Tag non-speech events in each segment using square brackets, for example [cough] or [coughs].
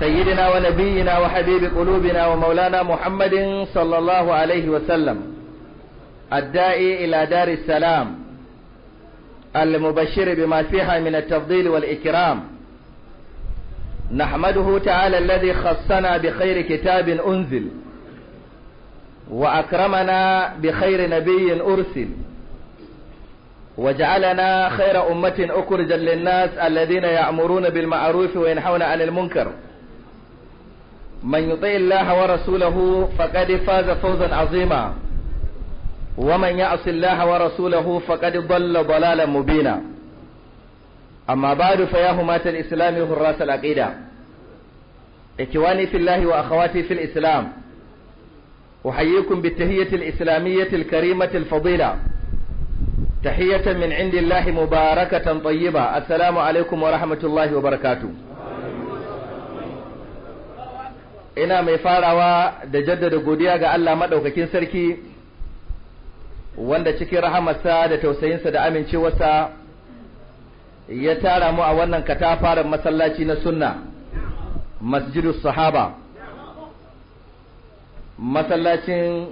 سيدنا ونبينا وحبيب قلوبنا ومولانا محمد صلى الله عليه وسلم الداعي إلى دار السلام المبشر بما فيها من التفضيل والإكرام نحمده تعالى الذي خصنا بخير كتاب أنزل وأكرمنا بخير نبي أرسل وجعلنا خير أمة أخرجا للناس الذين يأمرون بالمعروف وينحون عن المنكر من يطيع الله ورسوله فقد فاز فوزا عظيما ومن يعص الله ورسوله فقد ضل ضلالا مبينا أما بعد فيا همات الإسلام حراس العقيدة إخواني في الله وأخواتي في الإسلام أحييكم بالتهية الإسلامية الكريمة الفضيلة تحية من عند الله مباركة طيبة السلام عليكم ورحمة الله وبركاته ina mai farawa da jaddada godiya ga Allah maɗaukakin sarki wanda cikin rahamarsa da tausayinsa da amincewarsa ya tara mu a wannan katafaren masallaci na sunna masjidus sahaba masallacin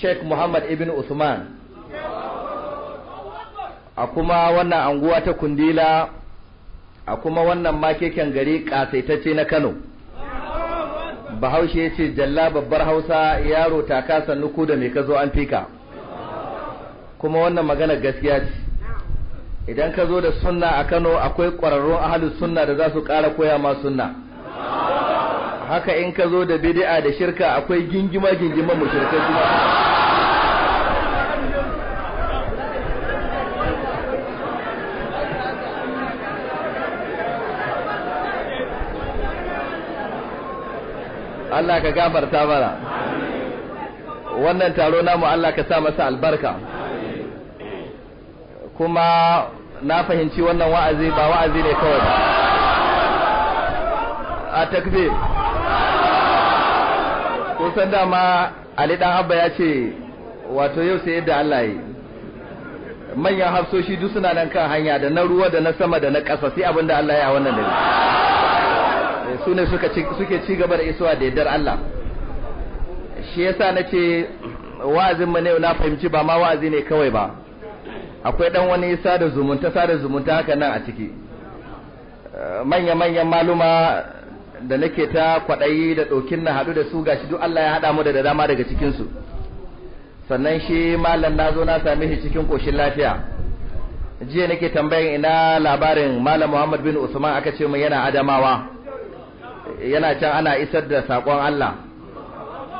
sheikh muhammad ibn usman a kuma wannan anguwa ta kundila a kuma wannan makeken gari kasaitacce na kano bahaushe ya ce jalla babbar hausa yaro taka sannuku da mai ka zo an fika kuma wannan magana gaskiya ce idan ka zo da sunna a kano akwai ƙwararrun ahalus sunna da za su ƙara koya ma sunna haka in ka zo da Bidi'a da shirka akwai gingima gingima mushrikai kuma Allah ka gafarta mana wannan taro namu Allah ka sa masa albarka kuma na fahimci wannan wa'azi ba wa'azi ne kawai ba a takbir kusan dama Ali dan Abba ya ce wato yau sai yadda Allah yi manyan hafsoshi duk suna nan kan hanya da na ruwa da na sama da na ƙasa sai abinda Allah ya wannan dare su ne suke ci gaba da isuwa da yardar Allah shi yasa na ce wa'azin mu ne na fahimci ba ma wa'azi ne kawai ba akwai dan wani sada zumunta sada zumunta haka nan a ciki manya-manyan maluma da nake ta kwaɗayi da ɗokin na haɗu da su gashi duk Allah ya haɗa mu da dama daga cikinsu sannan shi malam na na same shi cikin koshin lafiya jiya nake tambayan ina labarin malam Muhammad bin Usman aka ce mun yana adamawa yana can ana isar da sakon Allah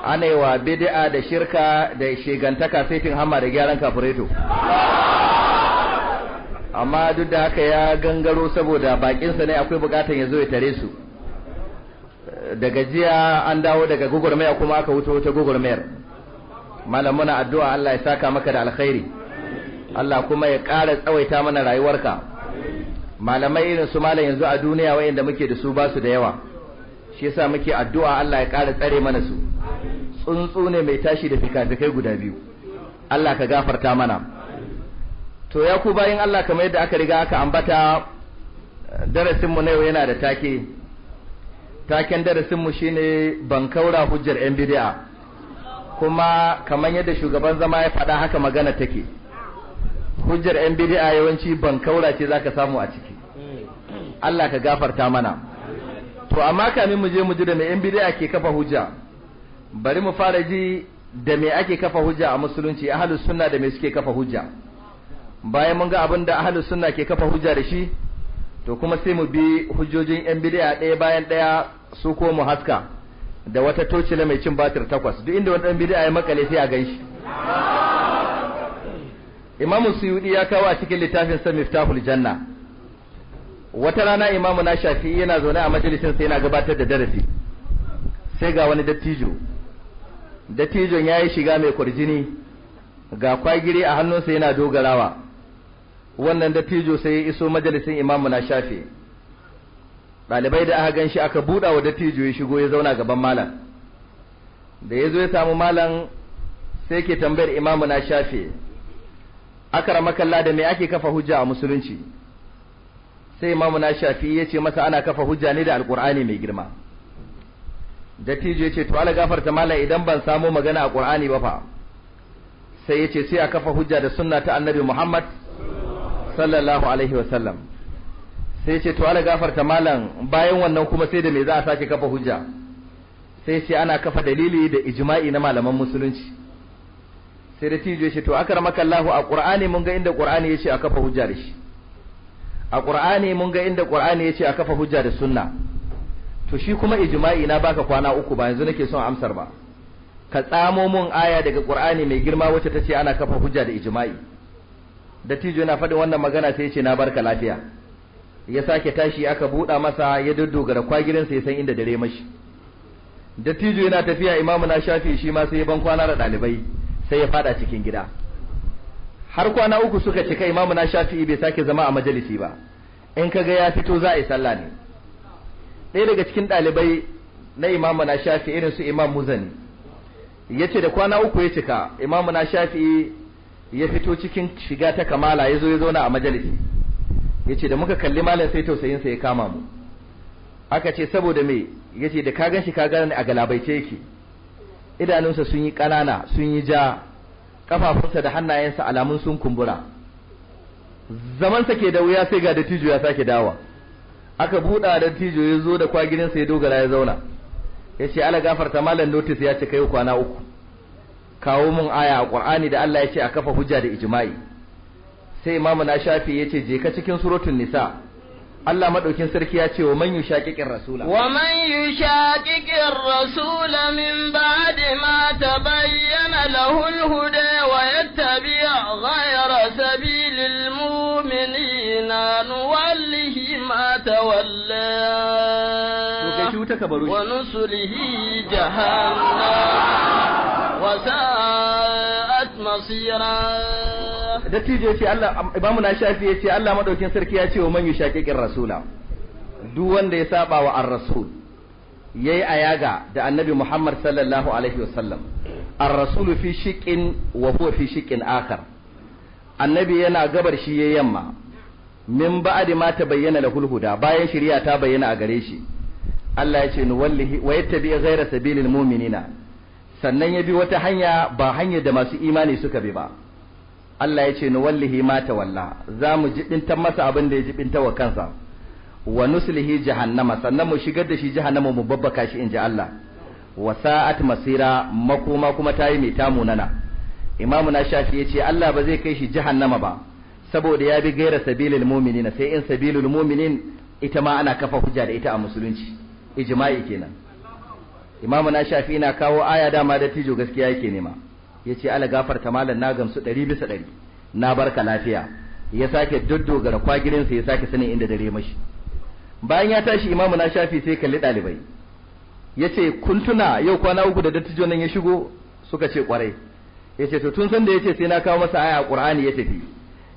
ana wa bid'a da shirka da shigantaka saitin hamma da gyaran kafureto amma duk da haka ya gangaro saboda bakinsa ne akwai bukatan ya zo ya tare su daga jiya an dawo daga gugurmaya kuma aka wuce wata gugurmayar malamuna addu'a Allah ya saka maka da alkhairi Allah kuma ya ƙara tsawaita mana rayuwarka malamai irin su malam yanzu a duniya wayanda muke da su basu da yawa shi yasa muke addu'a Allah ya ƙara tsare mana su tsuntsu ne mai tashi da fikafikai guda biyu Allah ka gafarta mana to ya ku bayin Allah kamar yadda aka riga aka ambata darasinmu na yau yana da take taken darasinmu shine ban kaura hujjar yan bid'a kuma kamar yadda shugaban zama ya faɗa haka magana take hujjar yan bid'a yawanci kaura ce zaka samu a ciki Allah ka gafarta mana to amma kamin mu je mu ji da me yan bid'a ke kafa hujja bari mu fara ji da me ake kafa hujja a musulunci ahlus sunna da me suke kafa hujja bayan mun ga abin da ahlus sunna ke kafa hujja da shi to kuma sai mu bi hujjojin yan bid'a ɗaya bayan ɗaya su ko mu haska da wata tocila mai cin batir takwas duk inda wani ɗan bid'a ya makale sai a gan shi Imam Suyudi ya kawo a cikin littafin sa Miftahul Janna wata rana imamu na shafi yana zaune a majalisin sai yana gabatar da darasi sai ga wani dattijo dattijon ya yi shiga mai kwarjini ga kwagiri a hannunsa yana dogarawa wannan dattijo sai ya iso majalisin imamu na shafi ɗalibai da aka ganshi aka buɗa wa dattijo ya shigo ya zauna gaban malam da ya zo ya samu malam sai ke tambayar imamu na shafi aka ramakalla da me ake kafa hujja a musulunci sai imamu na shafi ya ce masa ana kafa hujja ne da alkur'ani mai girma dattijo ya ce to ala gafarta mala idan ban samo magana a qur'ani ba fa sai ya ce sai a kafa hujja da sunna ta annabi muhammad sallallahu alaihi wa sallam sai ya ce to ala gafarta malan bayan wannan kuma sai da me za a sake kafa hujja sai ya ce ana kafa dalili da ijma'i na malaman musulunci sai dattijo ya ce to akramaka Allahu a qur'ani mun ga inda qur'ani ya ce a kafa hujja da shi a ƙur'ani mun ga inda ƙur'ani ya ce a kafa hujja da sunna to shi kuma ijma'i na baka kwana uku ba yanzu nake son amsar ba ka tsamo mun aya daga ƙur'ani mai girma wacce ta ce ana kafa hujja da ijma'i da tijo yana faɗin wannan magana sai ce na barka lafiya ya sake tashi aka buɗa masa ya da kwagirin ya san inda dare mashi dattijo yana tafiya imamu na shafi shi ma sai ya ban kwana da ɗalibai sai ya faɗa cikin gida har kwana uku suka cika imamu na shafi'i bai sake zama a majalisi ba in kaga ya fito za a yi sallah ne ɗaya daga cikin ɗalibai na imamu na shafi irin su imam muzani ya ce da kwana uku ya cika imamu na shafi'i ya fito cikin shiga ta kamala ya zo ya zauna a majalisi ya ce da muka kalli malam sai sa ya kama mu aka ce saboda me ya ce da ka gan shi ka gane a galabaice yake idanunsa sun yi ƙanana sun yi ja kafafunsa da hannayensa alamun sun kumbura zamansa ke da wuya sai ga dattijo ya sake dawa aka buɗa dattijo ya zo da kwagirinsa ya dogara ya zauna ya ce ala gafarta malam notice ya ce kai kwana uku kawo mun aya a qur'ani da Allah ya ce a kafa hujja da ijma'i sai imamu na shafi ya ce je ka cikin suratul nisa Allah madaukin sarki ya ce wa man shaƙiƙin rasula wa man shaƙiƙin rasula min ba'di ma ta bayyana al-huda wa yattabi' ghayra sabilil mu'minina nuwallihi ma tawalla to kai wa nusulihi jahannam wa sa'at masira dattijo yace Allah imamu na shafi ce Allah madaukin sarki ya ce wa man yushaqiqir rasula duk wanda ya saba wa ar-rasul yayi ayaga da annabi Muhammad sallallahu alaihi wasallam ar-rasulu fi shiqin wa huwa fi shiqin akhar annabi yana gabar shi yayi yamma min ba'di ma tabayyana lahul huda bayan shari'a ta bayyana a gare shi Allah ya ce ni wallahi wa yattabi ghayra sabilil mu'minina sannan ya bi wata hanya ba hanyar da masu imani suka bi ba Allah ya ce ni wallahi ma walla za mu jibinta masa abin da ya jibinta wa kansa wa nuslihi jahannama sannan mu shigar da shi jahannama mu babbaka shi inji Allah wa sa'at masira makoma kuma tayi mai tamu nana imamu na shafi ya ce Allah ba zai kai shi jahannama ba saboda ya bi gaira sabilul mu'minin sai in sabilul mu'minin ita ma ana kafa hujja da ita a musulunci ijma'i kenan imamu na shafi na kawo aya dama da tijo gaskiya yake nema yace ala gafarta malam na gamsu ɗari bisa ɗari na barka lafiya ya sake doddogara kwagirin sa ya sake sanin inda dare mashi bayan ya tashi imamu na shafi sai kalli ɗalibai ce kun tuna yau kwana uku da dattijo nan ya shigo suka ce kwarai ce to tun san da ce sai na kawo masa aya qur'ani ya tafi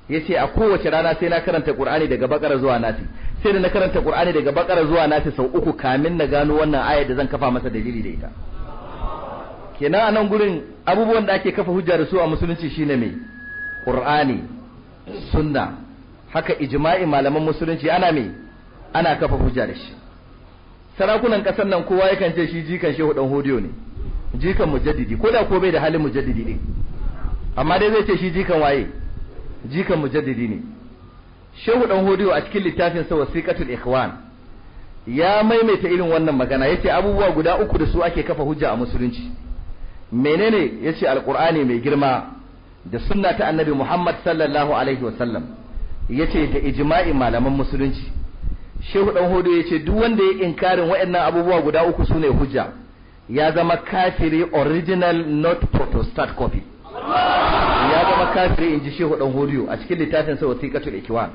ya ce a kowace rana sai na karanta qur'ani daga bakara zuwa nasi sai da na karanta qur'ani daga bakara zuwa nasi sau uku kamin na gano wannan ayar da zan kafa masa dalili da ita kenan a nan gurin abubuwan da ake kafa hujja da su a musulunci shine mai qur'ani sunna haka ijma'i malaman musulunci ana mai ana kafa hujja da shi sarakunan kasar nan kowa yakan ce shi jikan shehu dan hodiyo ne jikan mujaddidi ko da ko bai da halin mujaddidi din amma dai zai ce shi jikan waye jikan mujaddidi ne shehu dan hodiyo a cikin littafin sa wasiqatul ikhwan ya maimaita irin wannan magana yace abubuwa guda uku da su ake kafa hujja a musulunci menene yace alqur'ani mai girma da sunna ta annabi Muhammad sallallahu alaihi wasallam yace da ijma'i malaman musulunci shehu dan hodo yace duk wanda ya inkarin waɗannan abubuwa guda uku sune hujja ya zama kafiri original not protestant copy ya zama kafiri inji shehu dan hodo a cikin littafin sa wasiqatul ikwan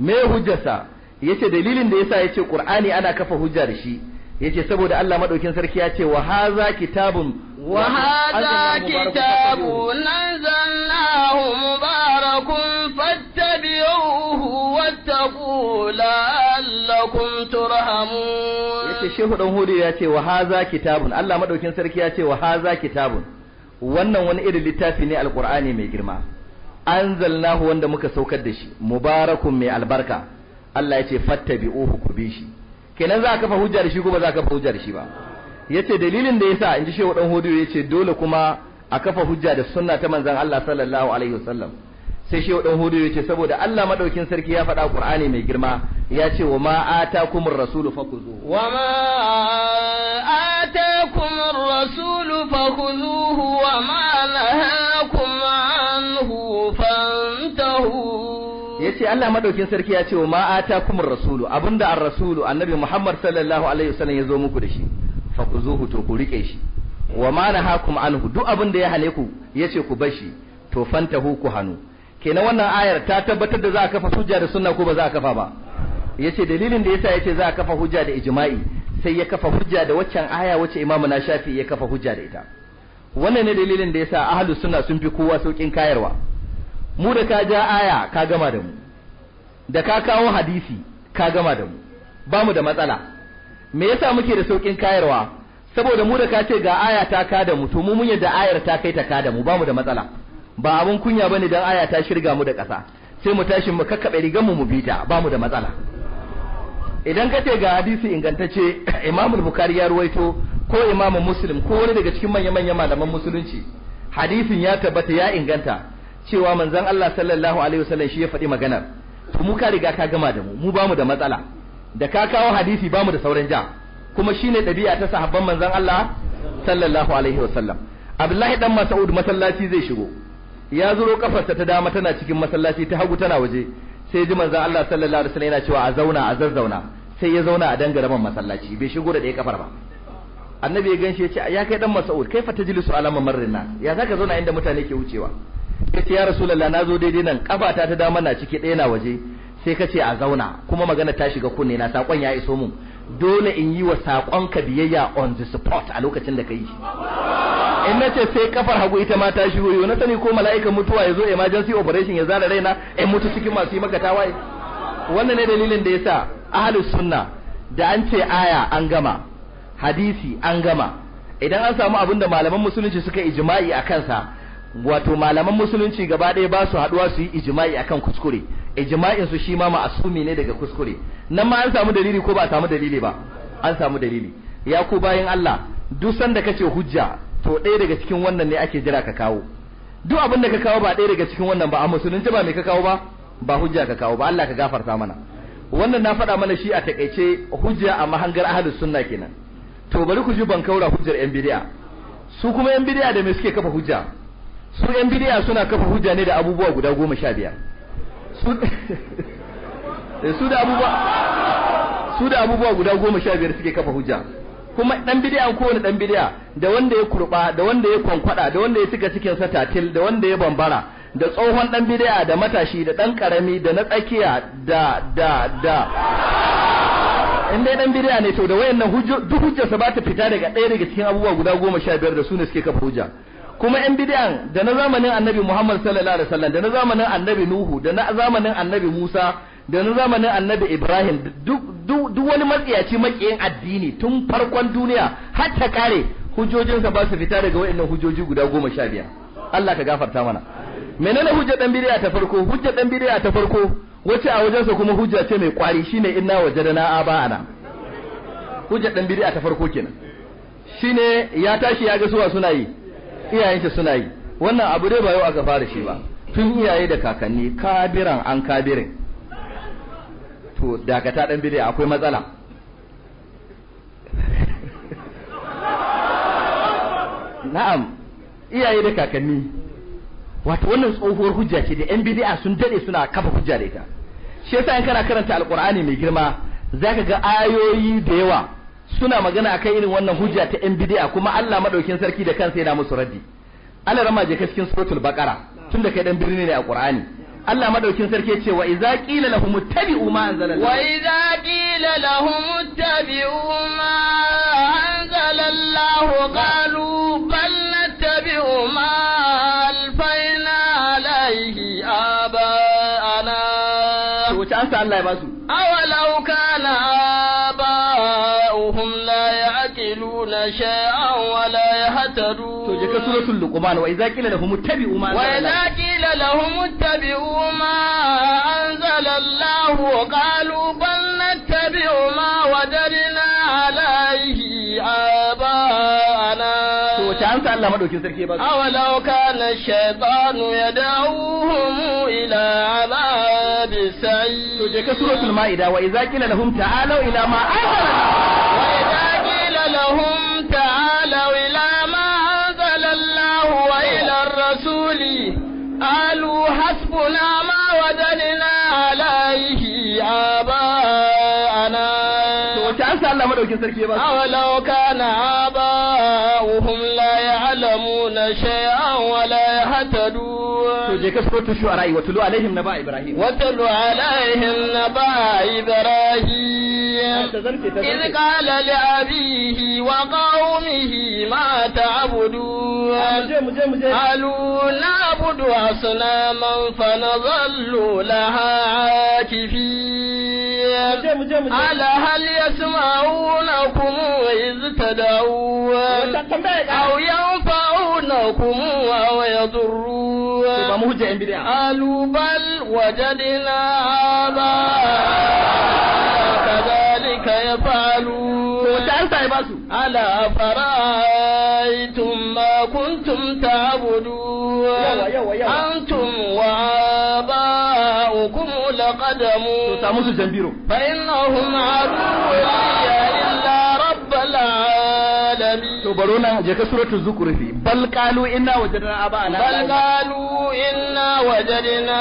me hujjarsa yace dalilin da yasa yace qur'ani ana kafa hujja da shi yace saboda Allah madaukin sarki ya ce wa haza kitabun wa haza kitabun anzalnahu mubarakun fattabi'uhu wattaqu la'allakum turhamun yace shehu dan hudu ya ce wa haza kitabun Allah madaukin sarki ya ce wa haza kitabun wannan wani irin littafi ne alqur'ani mai girma anzalnahu wanda muka saukar da shi mubarakun mai albarka Allah ya ce fattabi'uhu ku bi shi kenan za a kafa hujja da shi ko ba za a kafa hujja da shi ba yace dalilin da yasa inji shehu dan hodiyo yace dole kuma a kafa hujja da sunna ta manzon Allah sallallahu alaihi wasallam sai shehu dan hodiyo yace saboda Allah madaukin sarki ya faɗa Qur'ani mai girma ya ce wa ma atakumur rasulu fakuzu wa ma atakum ce Allah madaukin sarki ya ce wa ma atakumur rasulu abinda ar-rasulu annabi Muhammad sallallahu alaihi wasallam ya zo muku da shi fa ku kuzuhu to ku rike shi wa ma nahakum anhu duk abinda ya hale ku yace ku bar shi to fantahu ku hanu kenan wannan ayar ta tabbatar da za a kafa hujja da sunna ko ba za a kafa ba yace dalilin da yasa yace za a kafa hujja da ijma'i sai ya kafa hujja da waccan aya wacce Imam na shafi ya kafa hujja da ita wannan ne dalilin da yasa ahlus sunna sun fi kowa saukin kayarwa mu da ka ja aya ka gama da mu da ka kawo hadisi ka gama da mu ba mu da matsala me yasa muke da saukin kayarwa saboda mu da ka ce ga aya ta ka da mu to mu mun yadda ayar ta kai ta ka da mu ba mu da matsala ba abun kunya bane dan aya ta shirga mu da ƙasa sai mu tashi mu kakkabe rigan mu mu bi ta ba mu da matsala idan ka ce ga hadisi ingantacce [coughs] imamul bukari ya ruwaito ko imamu muslim ko wani daga cikin manya-manyan malaman musulunci hadisin ya tabbata ya inganta cewa manzon Allah sallallahu alaihi wasallam shi ya faɗi maganar to mu ka riga ka gama da mu mu bamu da matsala da ka kawo hadisi bamu da sauran ja kuma shine ɗabi'a ta sahabban manzon Allah sallallahu alaihi wasallam Abdullahi dan Mas'ud masallaci zai shigo ya zuro kafarsa ta dama tana cikin masallaci ta hagu tana waje sai ji manzon Allah sallallahu alaihi wasallam yana cewa a zauna a zazzauna sai ya zauna a dangaraman masallaci bai shigo da ɗaya kafar ba annabi ya ganshi ya ce ya kai dan Mas'ud kai fa tajlisu ala mamarrin nas ya zaka zauna inda mutane ke wucewa ce ya rasulullah nazo daidai nan kafata ta dama na ciki ɗaya na waje sai ka ce a zauna kuma magana ta shiga kunne na sakon ya iso mun dole in yi wa sakon ka biyayya on the spot a lokacin da kai in nace sai kafar hagu ita ma ta shigo yo na sani ko mala'ikan mutuwa yazo emergency operation ya zara raina in mutu cikin masu yi maka tawaye wannan ne dalilin da yasa ahlus sunna da an ce aya an gama hadisi an gama idan an samu abin da malaman musulunci suka ijma'i a kansa wato malaman musulunci gaba ɗaya ba su haɗuwa su yi a akan kuskure ijma'in su shi ma ma'asumi ne daga kuskure nan ma an samu dalili ko ba a samu dalili ba an samu dalili ya ku bayan Allah duk sanda kace hujja to ɗaya daga cikin wannan ne ake jira ka kawo duk abin da ka kawo ba ɗaya daga cikin wannan ba a musulunci ba mai ka kawo ba ba hujja ka kawo ba Allah ka gafarta mana wannan na faɗa mana shi a takaice hujja a mahangar ahlus sunna kenan to bari ku ji ban kaura hujjar yan bid'a su kuma yan bid'a da me suke kafa hujja su yan bidiya suna kafa hujja ne da abubuwa guda goma sha biyar su [laughs] da abubuwa su da abubuwa guda goma sha biyar suke kafa hujja kuma dan bidiyan kowane dan bidiya da wanda ya kurba da wanda ya kwankwada da wanda ya cika cikin sa tatil da wanda ya bambara da tsohon dan bidiya da matashi da dan karami da na tsakiya da da da in dai dan bidiya ne to da wayannan duk hujjarsa ba ta fita daga ɗaya daga cikin abubuwa guda goma sha biyar da su ne suke kafa hujja kuma yan bid'an da na zamanin annabi Muhammad sallallahu alaihi wasallam da na zamanin annabi Nuhu da na zamanin annabi Musa da na zamanin annabi Ibrahim duk wani matsiyaci makiyin addini tun farkon duniya har ta kare hujjojinsa ba su fita daga waɗannan hujjoji guda goma sha biyar Allah ka gafarta mana menene hujjar dan bid'a ta farko hujjar dan bid'a ta farko wace a wajensa kuma hujja ce mai kwari shine inna wajadana aba'ana hujjar dan bid'a ta farko kenan shine ya tashi ya ga suwa suna yi shi suna yi wannan abu dai ba yau aka fara shi ba tun iyaye da kakanni kabiran an kabirin to dakata dan bidai akwai matsala [laughs] na'am iyaye da kakanni wato wannan tsohuwar hujja ce da yan bidiya sun dade suna kafa hujja da ita shi yasa in kana karanta alqur'ani mai girma zaka ga ayoyi da yawa suna magana akan irin wannan hujja ta yan bid'a kuma Allah madaukin sarki da kansa yana musu raddi Allah rama je ka cikin suratul baqara tunda kai dan birni ne a Qur'ani Allah madaukin sarki ya ce wa idza qila lahum ittabi'u ma anzala wa idza qila lahum ittabi'u ma anzala Allah qalu bal nattabi'u ma alfayna alayhi aba ana to ta Allah ya basu awalau kana شيئا ولا يهتدون توجك سورة اللقمان وإذا قيل لهم اتبعوا ما وإذا قيل لهم اتبعوا ما أنزل الله قالوا بل نتبع ما وجدنا عليه آباءنا Canta Allah maɗaukin sarki ba. A wala wuka na shaitanu ya dawo humu ila ala bisayi. Tuje ka suratul ma'ida wa iza kila lahum ta'alaw ila ma'ida. madaukakin sarki ya ba su awalau kana aba'uhum la ya'lamuna shay'an wa la yahtadun to je ka suratu shu'ara wa tulu alaihim naba ibrahim wa tulu alaihim naba ibrahim إذ قال لأبيه وقومه ما تعبدون قالوا نعبد أصناما فنظل laha عاكفين muje muje muje ala hal yanzu ta tad'u aw yanfa'unakum aw yadurru ba mu huje in bid'a alu bal wajadna ba kadhalika an basu ala fara Zambiro. فإنهم To baro na je ka suratul zukhruf bal qalu inna wajadna aba'ana bal qalu inna wajadna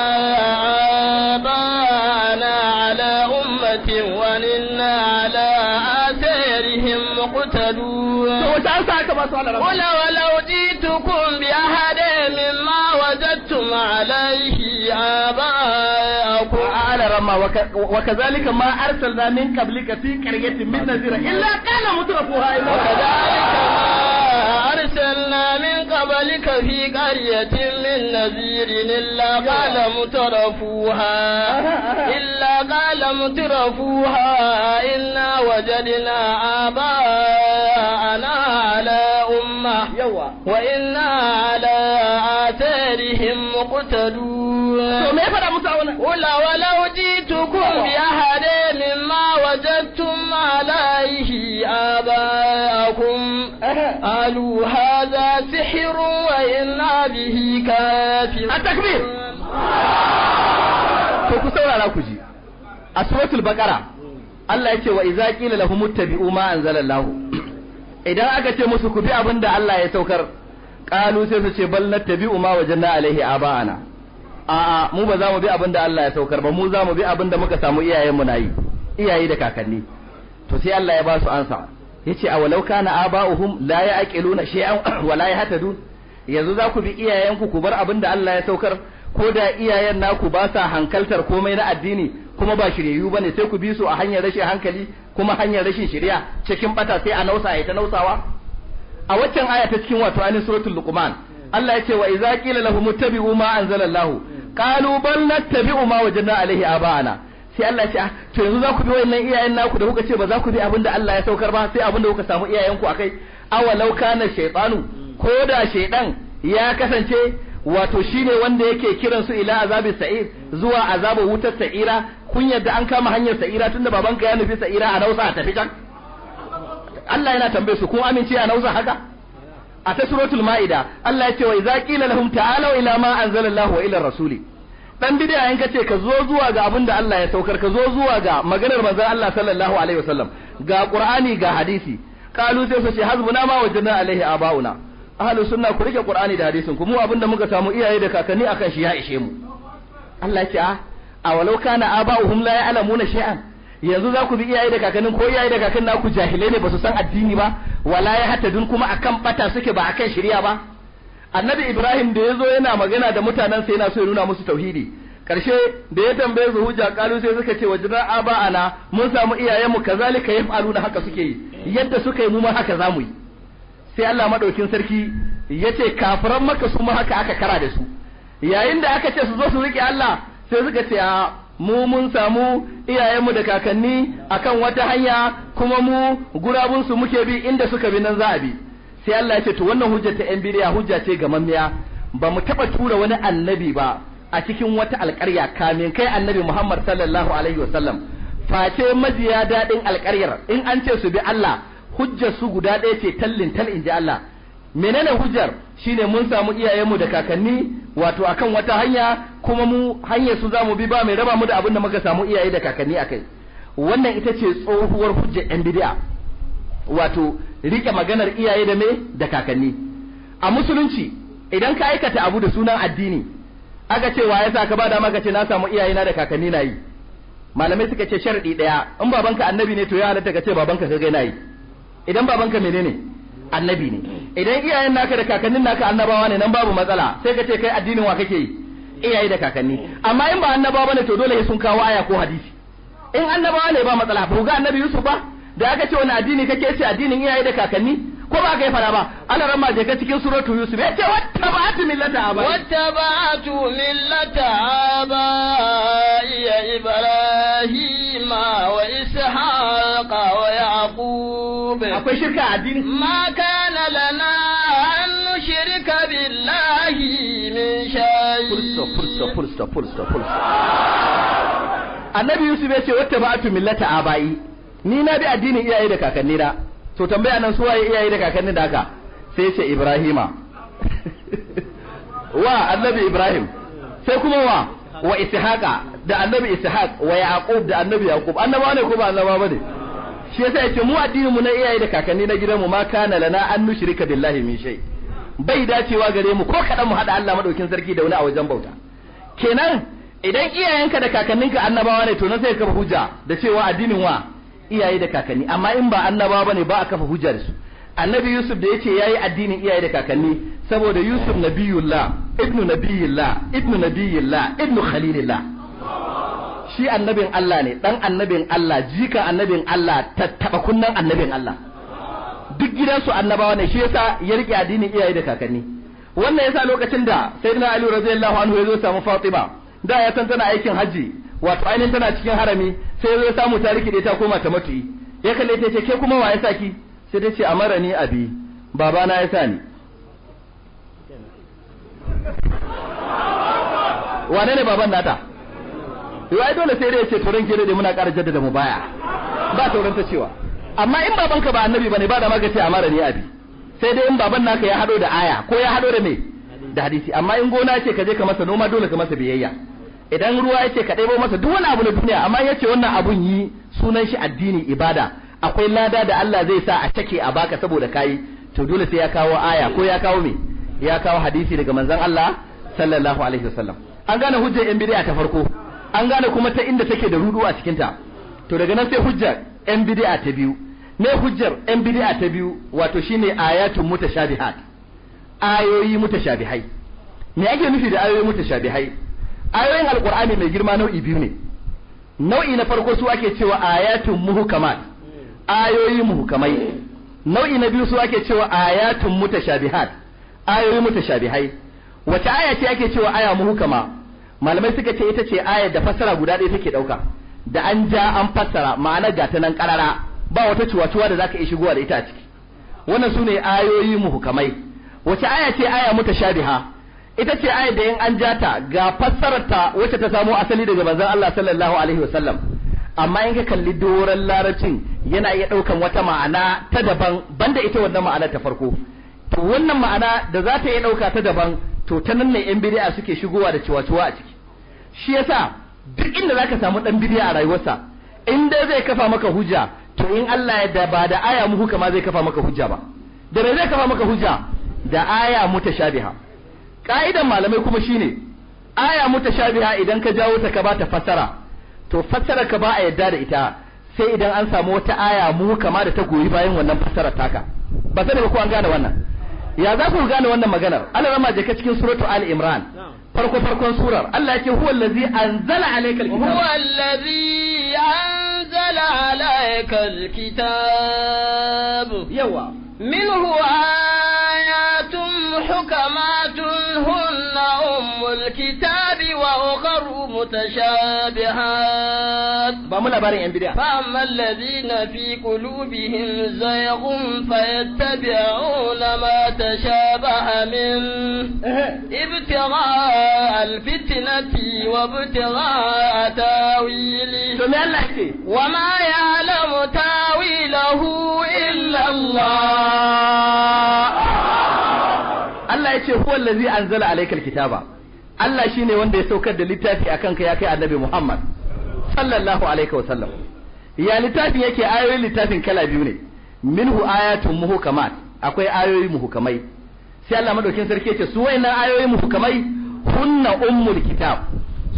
ala ummatin wa inna ala atharihim muqtadun. To wata an sa ka ba su Allah. وكذلك ما أرسلنا من قبلك في قرية من نذير إلا قال مترفوها إلا وكذلك ما أرسلنا من قبلك في قرية من نذير إلا قال مترفوها إلا قال مترفوها إنا وجدنا آباءنا على أمة وإنا على آثارهم مقتدون ولو جئ ربكم بأحد مما وجدتم عليه آباءكم قالوا هذا سحر وإنا به كافرون التكبير ku saurara ku ji a suratul Allah ya ce wa idza qila lahum ittabi'u ma anzalallahu idan aka ce musu ku bi abinda Allah ya saukar qalu sai su ce bal nattabi'u ma wajanna alaihi aba'ana a'a mu ba za mu bi abin da Allah ya saukar ba mu za mu bi abin da muka samu iyayenmu na yi iyaye da kakanni to sai Allah ya ba su ansa ce a walau kana aba'uhum la ya'qiluna shay'an wa la yahtadun yanzu za ku bi iyayenku ku bar abin da Allah ya saukar ko da iyayen naku ba sa hankaltar komai na addini kuma ba shiryayyu bane sai ku bi su a hanyar rashin hankali kuma hanyar rashin shiriya cikin bata sai a nausa ya ta nausawa a waccan aya ta cikin wato ainihin suratul luqman Allah ya ce wa idza qila lahum ittabi'u ma anzalallahu qalu bal nattabi'u ma wajadna alaihi abana sai Allah ce ah, to yanzu za ku bi wayannan iyayen naku da kuka ce ba za ku bi abin da Allah ya saukar ba sai abin da kuka samu iyayen ku akai lauka kana shaytanu ko da shaydan ya kasance wato shine wanda yake kiran su ila azabi sa'ir zuwa azabu wutar sa'ira kun yadda an kama hanyar sa'ira tunda babanka ya nufi sa'ira a nausa a tafi can Allah yana tambaye su kun amince a nausa haka a ta suratul ma'ida Allah ya ce wai idza qila lahum ta'alu ila ma Allah wa ila rasuli dan bid'a in kace ka zo zuwa ga abinda Allah ya saukar ka zo zuwa ga maganar manzon Allah sallallahu alaihi wasallam ga qur'ani ga hadisi kalu sai su ce hasbuna ma wajadna alaihi abauna ahlu sunna ku rike qur'ani da hadisin ku mu abin muka samu iyaye da kakanni akan shi ya ishe mu Allah ya ce ah, a walau kana aba'uhum la ya'lamuna shay'an yanzu za ku bi iyaye da kakannin ko iyaye da kakannin naku jahilai ne ba su san addini ba wala ya dun kuma akan bata suke ba akan shari'a ba annabi ibrahim da yazo yana magana da mutanen sa yana so ya nuna musu tauhidi karshe da ya tambaye su hujja sai suka ce aba na mun samu mu kazalika na haka suke yi yadda suka yi mu ma haka zamu yi sai Allah madaukin sarki yace kafiran maka su ma haka aka kara da su yayin da aka ce su zo su rike Allah sai suka ce a mu mun samu iyayenmu da kakanni akan wata hanya kuma mu gurabunsu muke bi inda suka bi nan za a bi sai Allah ya ce to wannan hujja ta yan bidiya hujja ce ga mamiya ba mu taba tura wani annabi ba a cikin wata alƙarya kamin kai annabi Muhammad sallallahu alaihi wasallam face majiya dadin alƙaryar in an ce su bi Allah hujjar su guda ɗaya ce tallin tal ji Allah menene hujjar shine mun samu iyayenmu da kakanni wato akan wata hanya kuma mu hanyar su zamu bi ba mai raba mu da abin da muka samu iyaye da kakanni akai wannan ita ce tsohuwar hujjar yan bid'a wato rike maganar iyaye da me da kakanni a musulunci idan ka aikata abu da sunan addini aka ce wa yasa ka ba da maka ce na samu iyaye na da kakanni na yi malamai suka ce sharadi daya in babanka annabi ne to ya halatta ka ce babanka ka ga na yi idan babanka menene annabi ne idan iyayen naka da kakannin naka annabawa ne nan babu matsala sai ka ce kai addinin wa kake iyaye da kakanni amma in ba annabawa bane to dole sun kawo aya ko hadisi in annabawa ne ba matsala ba ga annabi Yusuf ba da aka ce wani addini kake ce addinin iyaye da kakanni ko ba ka yi fara ba Allah ran je ka cikin suratu Yusuf ya ce wata ba'atu millata aba wata ba'atu millata aba iya ibrahima wa Ishaq وإسحاق ويعقوب أكوي شركة الدين ما كان لنا أن نشرك بالله من شيء فرصة فرصة فرصة annabi yusuf ya ce wata tu millata abai ni na bi addinin iyaye da kakanni da to tambaya nan suwaye iyaye da kakanni da haka sai ce ibrahima [laughs] wa annabi ibrahim sai kuma wa wa ishaqa da annabi ishaq wa yaqub da annabi yaqub annaba ne ko ba annaba bane shi yasa yake mu addinin mu na iyaye da kakanni na gidan mu ma kana lana an nushrika billahi min shay bai dacewa gare mu ko kadan mu hada Allah madaukin sarki da wani a wajen bauta kenan idan iyayenka da kakanninka annabawa ne to na sai ka hujja da cewa addinin wa iyaye da kakanni amma in ba annabawa bane ba a kafa hujja da su annabi yusuf da yace yayi addinin iyaye da kakanni saboda yusuf nabiyullah ibnu nabiyillah ibnu nabiyillah ibnu khalilillah shi annabin Allah ne dan annabin Allah jika annabin Allah tattaba kunnan annabin Allah duk gidansu annabawa ne shi yasa ya rike addinin iyaye da kakanni wannan yasa lokacin da sayyidina Ali radiyallahu anhu ya zo samu Fatima da ya san tana aikin haji wato ainihin tana cikin harami sai ya samu ta rike ta koma ta mutu ya kalle ta ce ke kuma wa ya ki sai ta ce amara ni abi babana ya sa ni wane ne baban nata wai dole sai dai ya ce to ke dai muna ƙara jaddada mu baya ba tauran ta cewa amma in babanka ba annabi bane ba da ma ce amara ne abi sai dai in baban naka ya hado da aya ko ya hado da me da hadisi amma in gona ce ka je ka masa noma dole ka masa biyayya idan ruwa yace ka ɗebo masa duk wani abu na duniya amma yace wannan abun yi sunan shi addini ibada akwai lada da Allah zai sa a cake a baka saboda kai to dole sai ya kawo aya ko ya kawo me ya kawo hadisi daga manzon Allah sallallahu alaihi wasallam an gane hujjar yan bid'a ta farko an gane kuma ta inda take da rudu a cikinta to daga nan sai hujjar yan bid'a ta biyu me hujjar yan bid'a ta biyu wato shine ayatun mutashabihat ayoyi mutashabihai me ake nufi da ayoyi mutashabihai ayoyin alqur'ani mai girma nau'i biyu ne nau'i na farko su ake cewa ayatun muhkamat ayoyi muhkamai nau'i na biyu su ake cewa ayatun mutashabihat ayoyi mutashabihai wace aya ce ake cewa aya muhkama malamai suka ce ita ce ayar da fassara guda ɗaya take ɗauka da an ja an fassara ma'ana ga ta nan ƙarara ba wata cuwa-cuwa da zaka iya shigowa da ita a ciki wannan su ne ayoyi muhukamai wace aya ce aya mutashabiha ita ce aya da in an ja ta ga ta wacce ta samo asali daga manzon Allah sallallahu alaihi wasallam amma in ka kalli doran larabcin yana iya ɗaukan wata ma'ana ta daban banda ita wannan ma'ana ta farko to wannan ma'ana da za ta iya ɗauka ta daban to ta nan ne yan bid'a suke shigowa da ciwaciwa a ciki shi yasa duk inda za ka samu dan bidiya a rayuwarsa in dai zai kafa maka hujja to in Allah ya ba da aya mu ma zai kafa maka hujja ba da me zai kafa maka hujja da aya mutashabiha ka'idan malamai kuma shine aya mutashabiha idan ka jawo ta ka ba ta fassara to fassara ka ba a yadda da ita sai idan an samu wata aya mu kama da ta goyi bayan wannan fassara taka ba sai daga ko an gane wannan ya za ku gane wannan maganar Allah ya je ka cikin surutu al imran فرقوا فرقوا سورر الله يكي هو الذي أنزل عليك الكتاب هو الذي أنزل عليك الكتاب يوى منه آيات حكمات هن أم الكتاب وأخر متشابهات ba mu labarin yan bid'a fa ammal ladina fi qulubihim zayghun fayattabi'una ma tashabaha min ibtigha alfitnati wa ibtigha tawili to me Allah yake wa ma ya'lamu tawilahu illa Allah Allah yace huwa allazi anzala alaykal kitaba Allah shine wanda ya saukar da littafi akan ka ya kai annabi Muhammad sallallahu alaihi wasallam ya littafin yake ayoyin littafin kala biyu ne minhu ayatun muhkamat akwai ayoyi muhkamai sai Allah madaukin sarki yake su wayannan ayoyi muhkamai hunna ummul kitab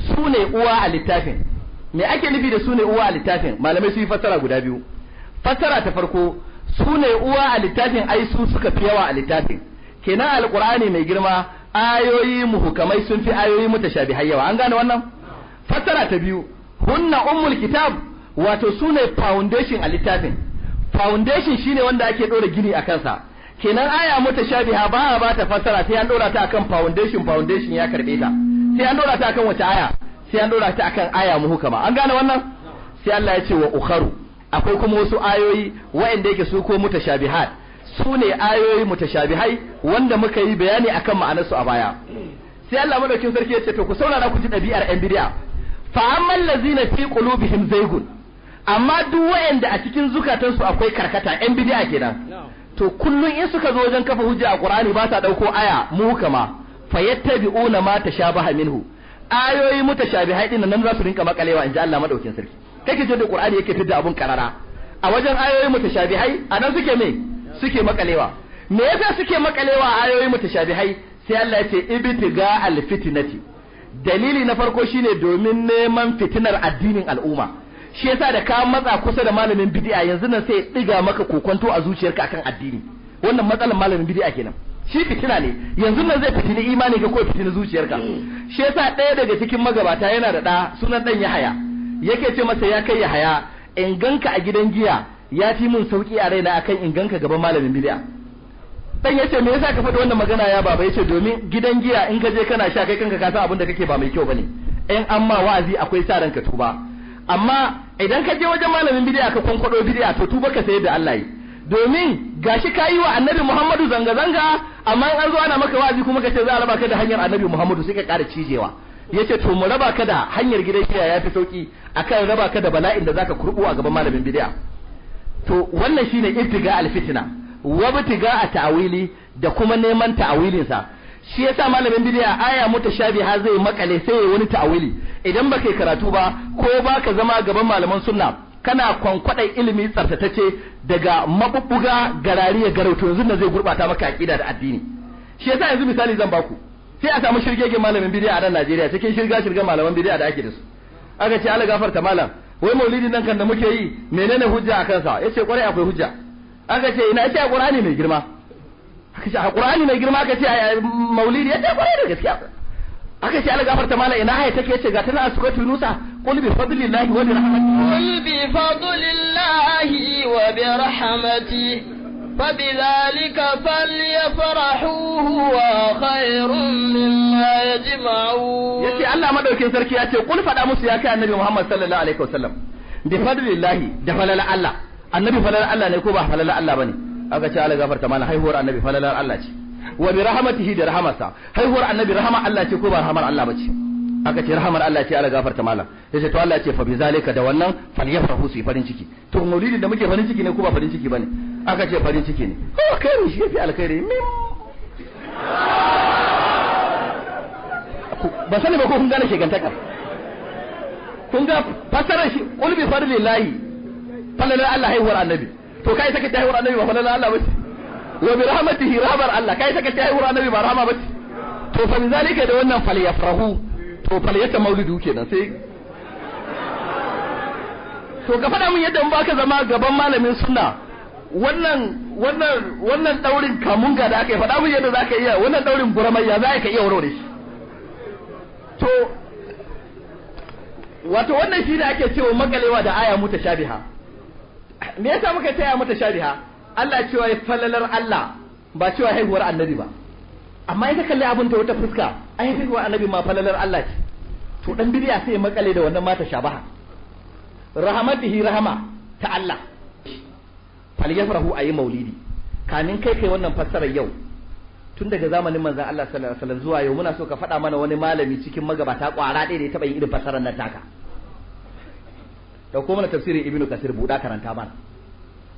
su ne uwa a littafin me ake nufi da su ne uwa a littafin malamai su yi fassara guda biyu fassara ta farko su ne uwa a littafin ai su suka fi yawa a littafin kenan alqur'ani mai girma ayoyi muhkamai sun fi ayoyi mutashabihai yawa an gane wannan fassara ta biyu hunna ummul kitab wato sune foundation a littafin foundation shine wanda ake dora gini a kansa kenan aya shabiha ba a ba ta fassara sai an dora ta akan foundation foundation ya karbe ta sai an dora ta akan wata aya sai an dora ta akan aya muhukama an gane wannan sai Allah ya ce wa ukharu akwai kuma wasu ayoyi waɗanda yake su ko mutashabihat su ne ayoyi mutashabihai wanda muka yi bayani akan ma'anarsu a baya sai Allah madaukin sarki ya ce to ku saurara ku ji ɗabi'ar 'yan bid'a fa amman lazina fi qulubihim zaygun amma duk wayanda a cikin zukatansu akwai karkata yan bid'a kenan to kullun in suka zo wajen kafa hujja a Qur'ani ba sa dauko aya mu kama fayattabi'una ma tashabaha minhu ayoyi shabi din nan za su rinka makalewa ji Allah madaukin sarki kake ce da Qur'ani yake fidda abun karara a wajen ayoyi a nan suke me suke makalewa me yasa suke makalewa ayoyi Hai sai Allah ya ce ibtiga alfitnati dalili na farko shine domin neman fitinar addinin al'umma shi yasa da ka matsa kusa da malamin bid'a yanzu nan sai diga maka kokonto a zuciyarka akan addini wannan matsalar malamin bid'a kenan shi fitina ne yanzu nan zai fitina imani ka ko fitini zuciyarka shi yasa ɗaya daga cikin magabata yana da ɗa sunan ɗan Yahaya yake ce masa ya kai Yahaya in ganka a gidan giya ya fi mun sauki a raina akan in ganka gaban malamin bid'a dan yace me yasa ka faɗi wannan magana ya baba yace domin gidan giya in ka je kana sha kai kanka ka san abin da kake ba mai kyau bane in an wa'azi akwai sa ka tuba amma idan ka je wajen malamin bid'a ka kwankwado bid'a to tuba ka sayar da Allah yi domin gashi ka yi wa annabi Muhammadu zanga zanga amma in an zo ana maka wa'azi kuma ka ce za a raba ka da hanyar annabi Muhammadu sai ka ƙara cijewa yace to mu raba ka da hanyar gidan giya yafi sauki akan raba ka da bala'in da zaka kurbu a gaban malamin bid'a to wannan shine ibtiga al-fitna wabtiga a ta'awili da kuma neman ta'awilin sa shi yasa malamin bidiya aya har zai makale sai wani ta'awili idan baka karatu ba ko baka zama gaban malaman sunna kana kwankwadai ilimi tsartatace daga mabubbuga garari ya garauto yanzu zai gurbata maka aqida da addini shi yasa yanzu misali zan baku sai a samu shirgegen malamin bidiya a nan Najeriya cikin shirga shirga malaman bidiya da ake da su aka ce Allah gafarta malam wai maulidi nan kan da muke yi menene hujja a sa yace kwarai akwai hujja aka ce ina ce qur'ani mai girma aka ce qur'ani mai girma aka ce maulidi yace qur'ani gaskiya aka ce algafarta mala ina haya take yace ga tana asukatu nusa qul bi fadlillahi wa bi rahmatihi qul bi fadlillahi wa bi rahmatihi فبذلك فليفرحوا هو خير مما يجمعون يتي الله مدوكين سركي قل فدا musu ya kai annabi Muhammad sallallahu alaihi wasallam bi fadlillahi da falala Allah annabi falalar Allah ne ko ba falalar Allah bane aka ce Allah gafarta mana haihuwar annabi falalar Allah ce wa bi rahmatihi da rahamarsa haihuwar annabi rahama Allah ce ko ba rahamar Allah bace aka ce rahamar Allah ce Allah gafarta sai yace to Allah ce fa bi zalika da wannan falyafrahu su farin ciki to maulidin da muke farin ciki ne ko ba farin ciki bane aka ce farin ciki ne ko kai shi yafi alkhairi mim ba sani ba ko kun gane shegantaka kun ga fasarar shi qul bi fadlillahi falalar Allah haihuwar annabi to kai saka ta haihuwar annabi ba falalar Allah bace wa bi rahmatihi rahmar Allah kai saka ta haihuwar annabi ba rahama bace to fa zalika da wannan fal yafrahu to fal yata maulidu kenan sai to ka fada mun yadda mun baka zama gaban malamin sunna wannan wannan wannan daurin kamun ga da aka yi fada min yadda zaka iya wannan daurin buramayya za ka iya warware shi to wato wannan shi da ake cewa makalewa da aya mutashabiha me yasa muka taya mata shabiha Allah cewa ya falalar Allah ba cewa haihuwar annabi ba amma ita kalli abin ta wata fuska ai haihuwar annabi ma falalar Allah ce to dan bidiya sai ya makale da wannan mata shabaha bihi rahama ta Allah falyafrahu ayi maulidi kamin kai kai wannan fassarar yau tun daga zamanin manzon Allah sallallahu alaihi wasallam zuwa yau muna so ka faɗa mana wani malami cikin magabata kwara ɗaya da ya taɓa yin irin fassarar nan taka dauko mana tafsirin ibnu kasir buda karanta mana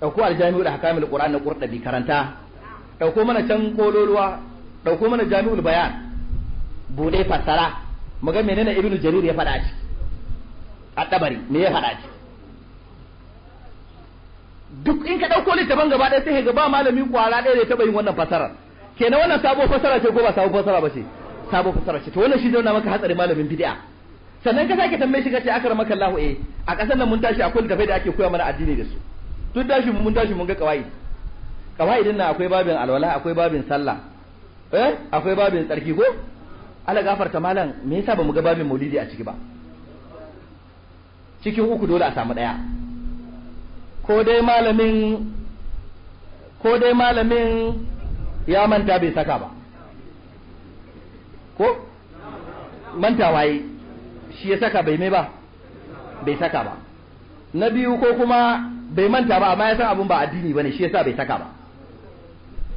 dauko aljami'ul ahkamul qur'an na qurdabi karanta dauko mana can kololuwa dauko mana jami'ul bayan bude fassara muga menene ibnu jarir ya faɗa ci a tabari me ya faɗa ci duk in ka dauko littafin gaba ɗaya sai ka ba malami kwara ɗaya da ya taɓa yin wannan fasarar kenan wannan sabo fasara ce ko ba sabo fasara ba ce sabo fasara ce to wannan shi zai maka hatsari malamin bid'a sannan ka sake tambaye shi kace akara maka Allahu eh a kasar nan mun tashi akwai littafai da ake koya mana addini da su tun tashi mun tashi mun ga kawai kawai din nan akwai babin alwala akwai babin sallah eh akwai babin tsarki ko Allah gafarta malam me yasa bamu ga babin maulidi a ciki ba cikin uku dole a samu daya ko dai malamin ko dai malamin ya manta bai saka ba ko manta waye shi ya saka bai mai ba bai saka ba na biyu ko kuma bai manta ba amma ya san abun ba addini bane shi yasa bai saka ba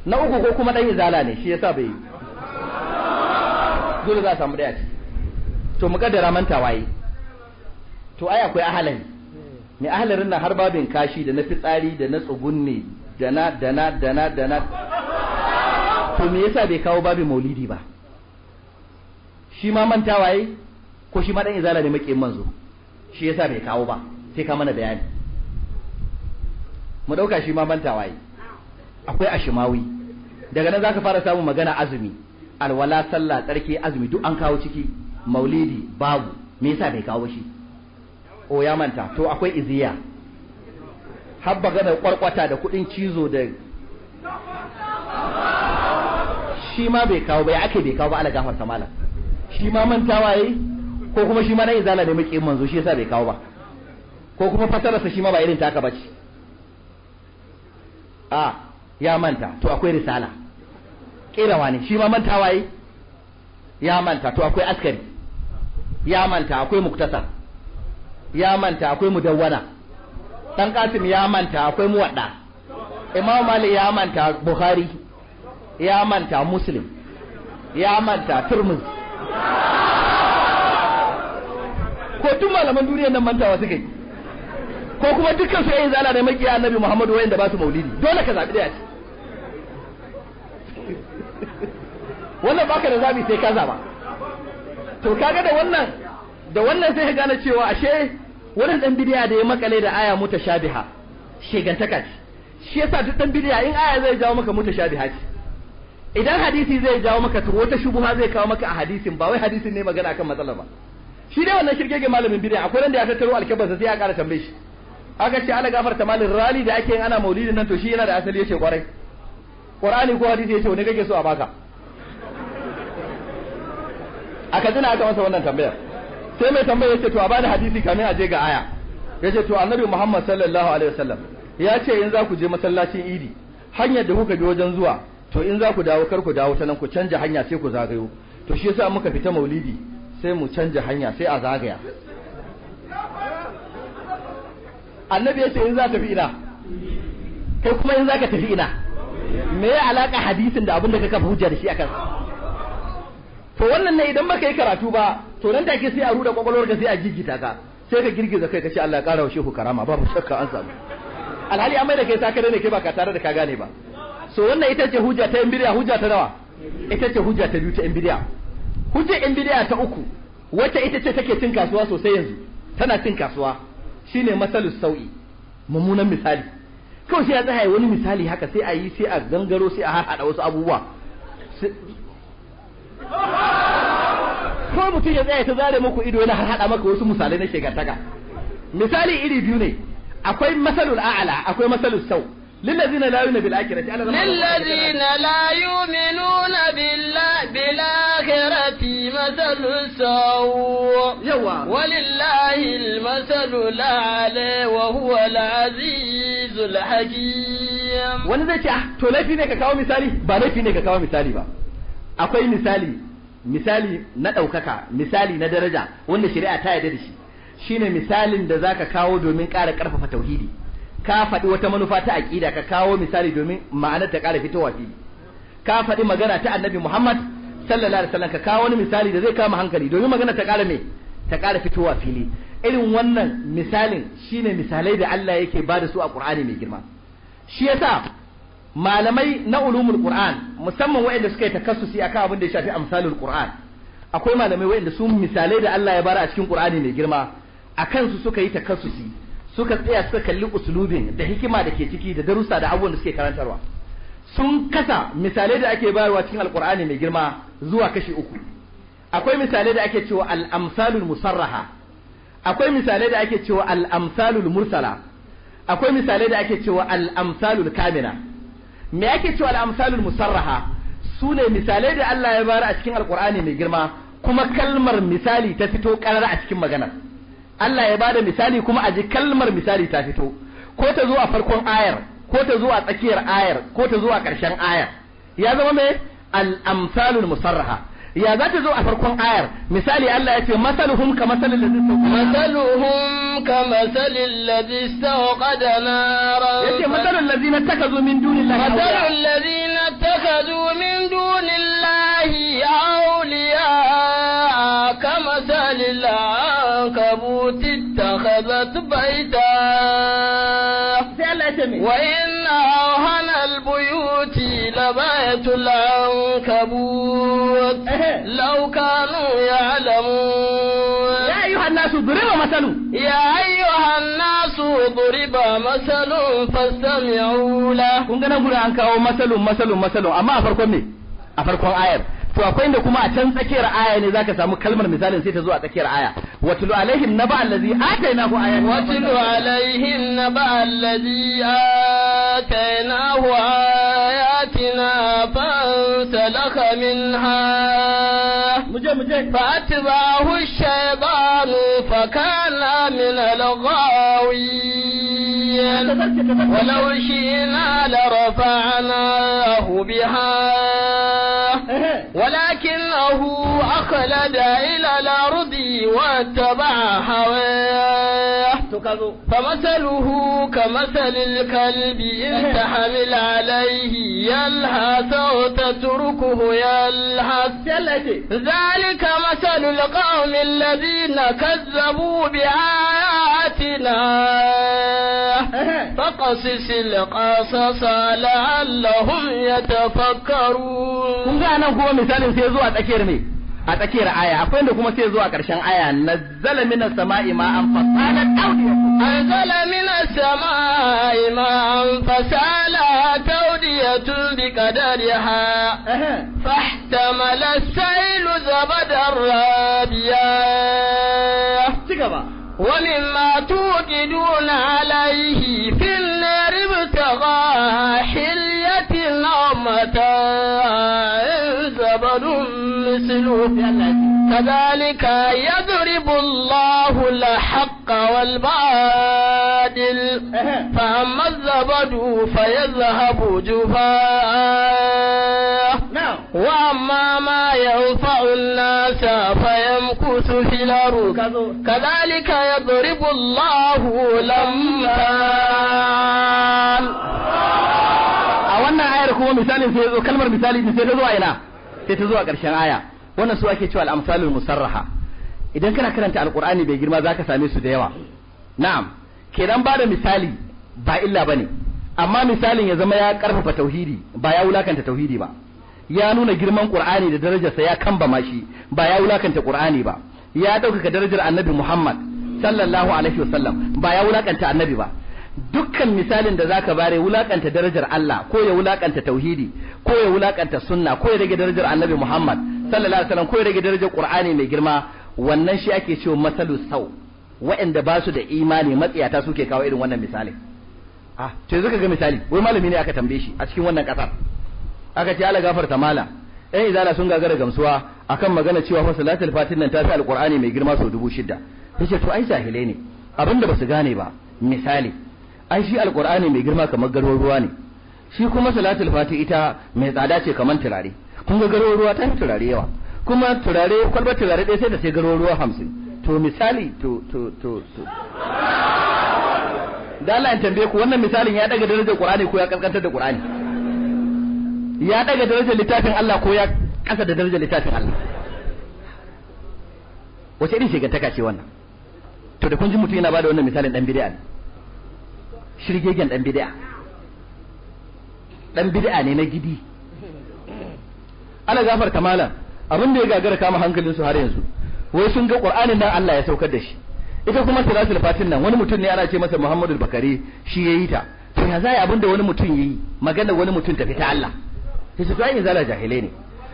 na uku ko kuma dan izala ne shi yasa bai dole za a samu daya ce to mu kaddara manta waye to ai akwai ahalan ne ahalarin nan har babin kashi da na fitsari da na tsugunne da na da na da na da na to me yasa bai kawo babin maulidi ba shi ma manta waye ko shi ma dan izala ne makiyin manzo shi yasa bai kawo ba sai ka mana bayani mu dauka shi ma mantawa yi akwai ashimawi daga nan zaka fara samun magana azumi alwala sallah tsarki azumi duk an kawo ciki maulidi babu me yasa bai kawo shi o ya manta to akwai iziya habba gana kwarkwata da kudin cizo da shi ma bai kawo ba ya ake bai kawo ba ala gafarta mala shi ma mantawa yi ko kuma shi ma dan izala ne muke manzo shi yasa bai kawo ba ko kuma sa shi ma ba irin taka ce a ya manta to akwai risala kira wani shi ma manta waye ya manta to akwai askari ya manta akwai muktasar ya manta akwai mudawwana dan kasim ya manta akwai muwadda imam malik ya manta bukhari ya manta muslim ya manta turmus. ko tun malaman duniyar nan mantawa suka yi ko kuma dukkan su yayin zala da makiya annabi Muhammadu wayanda ba su maulidi dole ka zabi daya ce wannan baka da zabi sai ka zaba to kaga da wannan da wannan sai ka gane cewa ashe wannan dan bidiya da ya makale da aya shabiha shegantaka ce shi yasa duk dan bidiya in aya zai jawo maka shabiha ce idan hadisi zai jawo maka to wata shubuha zai kawo maka a hadisin ba wai hadisin ne magana akan matsalar ba shi dai wannan shirgege malamin bid'a akwai wanda ya tattaro alkabarsa sai ya ƙara tambaye shi aka ce ala gafarta malin rali da ake yin ana maulidin nan to shi yana da asali yace kwarai qur'ani ko hadisi yace wani kake so a baka aka tuna aka masa wannan tambayar sai mai tambaya yace to a bani hadisi kamin a je ga aya yace to annabi Muhammad sallallahu alaihi wasallam ya ce in za ku je masallacin idi hanyar da kuka bi wajen zuwa to in za ku dawo kar ku dawo ta nan ku canja hanya sai ku zagayo to shi yasa muka fita maulidi sai mu canja hanya sai a zagaya annabi ya ce in za tafi ina kai kuma in za ka tafi ina me ya alaka hadisin da abin da ka kafa hujja da shi akan to wannan ne idan baka yi karatu ba to nan take sai a ruda kwakwalwar ka sai a gigita ka sai ka girgiza kai ka ce Allah ya kara wa shehu karama babu shakka an samu alhali amma da kai sakare ne kai ba ka tare da ka gane ba so wannan ita ce hujja ta yan bidiya hujja ta nawa ita ce hujja ta biyu ta yan bidiya hujjar yan bid'a ta uku wacce ita ce take cin kasuwa sosai yanzu tana cin kasuwa shine masalus sau'i mummunan misali kawai sai ya tsaya wani misali haka sai a yi sai a gangaro sai a haɗa wasu abubuwa [laughs] ko mutum ya tsaya ta zare muku ido yana haɗa maka wasu misalai na shekartaka misali iri biyu ne akwai masalul a'ala akwai masalul sau' للذين لا يؤمنون بالآخرة للذين لا يؤمنون بالآخرة مثل السوء ولله المثل الأعلى وهو العزيز الحكيم wani zai ce ah to laifi ne ka kawo misali ba laifi ne ka kawo misali ba akwai misali misali na ɗaukaka misali na daraja wanda shari'a ta yarda da shi shine misalin da zaka kawo domin ƙara ƙarfafa tauhidi ka faɗi wata manufa ta aƙida ka kawo misali domin ma'anar ta ƙara fitowa fili ka faɗi magana ta annabi Muhammad sallallahu alaihi wasallam ka kawo wani misali da zai kama hankali domin magana ta ƙara me ta ƙara fitowa fili irin wannan misalin shine misalai da Allah yake ba da su a Qur'ani mai girma shi yasa malamai na ulumul Qur'an musamman waɗanda suka yi takassusi akan abin da ya shafi amsalul Qur'an akwai malamai waɗanda su misalai da Allah ya bara a cikin Qur'ani mai girma akan su suka yi takassusi suka tsaya suka kalli uslubin da hikima da ke ciki da darussa da abubuwan da suke karantarwa sun kasa misalai da ake bayarwa cikin alkur'ani mai girma zuwa kashi uku akwai misalai da ake cewa al'amsalul musarraha akwai misalai da ake cewa al'amsalul mursala akwai misalai da ake cewa al'amsalul kamina me ake cewa al'amsalul musarraha su ne misalai da Allah ya bayar a cikin alkur'ani mai girma kuma kalmar misali ta fito karar a cikin maganar Allah ya bada misali kuma a ji kalmar misali ta fito ko ta zo a farkon ayar ko ta zo a tsakiyar ayar ko ta zo a ƙarshen ayar ya zama mai al musarraha ya za ta zo a farkon ayar misali Allah ya ce masaluhum ka masalil ladhi masaluhum ka masalil ladhi istawqada naran yace masalul ladina takazu min dunillahi masalul ladina takazu min dunillahi awliya kama العنكبوت لو كانوا يعلمون يا أيها الناس ضرب مثل يا أيها الناس ضرب مثل فاستمعوا له kun ga nan gudu an kawo masalun masalun masalun amma a farkon ne a farkon ayar to akwai inda kuma a can tsakiyar aya ne zaka samu kalmar misalin sai ta zo a tsakiyar aya watlu alaihim naba allazi atainahu ayatan watlu alaihim naba allazi atainahu ayatina fansalakha minha muje muje fa'atbahu shaytanu fakana min al-ghawin walau shi'na larafa'nahu biha أخلد إلى الأرض واتبع هواه to ka zo famasaluhu kamasalil kalbi in [laughs] ta alayhi yalhas aw tatrukuhu yalhas sallati zalika masalul qaumi alladhina kazzabu bi ayatina [laughs] faqasis alqasas ya tafakkaru. kun gane nan misalin sai zuwa tsakiyar me a tsakiyar aya akwai inda kuma sai zuwa ƙarshen aya nazzala minas sama'i ma an fasalat awdiyatun anzala minas sama'i ma an ya ma'an fasalat awdiyatun biqadariha fahtamala as-sailu zabadar rabiya cigaba ومما توقدون عليه كذلك يضرب الله الحق والباطل فأما الزبد فيذهب جفاء وأما ما ينفع الناس فيمكث في الأرض كذلك يضرب الله الأمثال a wannan ayar kuma misalin sai zo kalmar misali sai ta zuwa ina sai ta zuwa ƙarshen aya wannan su ake cewa al musarraha idan kana karanta Al'ƙur'ani bai girma za ka same su da yawa na'am kenan ba da misali ba illa bane amma misalin ya zama ya karfafa tauhidi ba ya wulakanta tauhidi ba ya nuna girman ƙur'ani da darajarsa ya kambama shi ba ya wulakanta ƙur'ani ba ya ɗaukaka darajar annabi muhammad sallallahu alaihi wasallam ba ya wulakanta annabi ba dukkan misalin da zaka bare wulakanta darajar Allah ko ya wulakanta tauhidi ko ya wulakanta sunna ko ya rage darajar annabi Muhammad sallallahu alaihi wasallam ko ya rage darajar qur'ani mai girma wannan shi ake cewa masalu sau wa'anda ba su da imani matsiyata suke kawo irin wannan misali ah to yanzu ga misali wai malami ne aka tambaye shi a cikin wannan kasar aka ce Allah gafarta mala ɗan izala sun gagara gamsuwa akan magana cewa fa salatul fatin nan ta fi alqur'ani mai girma sau dubu shida yace to ai jahilai ne abinda ba su gane ba misali ai shi alqur'ani mai girma kamar garwar ruwa ne shi kuma salatul fati ita mai tsada ce kamar turare kun ga garo ruwa ta turare yawa kuma turare kwalbar turare ɗaya sai da sai garo ruwa hamsin to misali to to to to da Allah ya tambaye ku wannan misalin ya daga darajar Qur'ani ko ya kaskantar da Qur'ani ya daga darajar littafin Allah ko ya kasa da darajar littafin Allah wace irin shigantaka ce wannan to da kun ji mutum yana bada wannan misalin dan bid'a ne shirgegen dan bid'a dan bid'a ne na gidi ana ta malam abin da ya gagara kama hankalin har yanzu wai sun ga qur'anin nan Allah ya saukar da shi ita kuma salatul fatin nan wani mutum ne ana ce masa Muhammadu Bakari shi yayi ta to ya zai abin da wani mutum yayi magana wani mutum tafi ta Allah sai su ai zala jahilai ne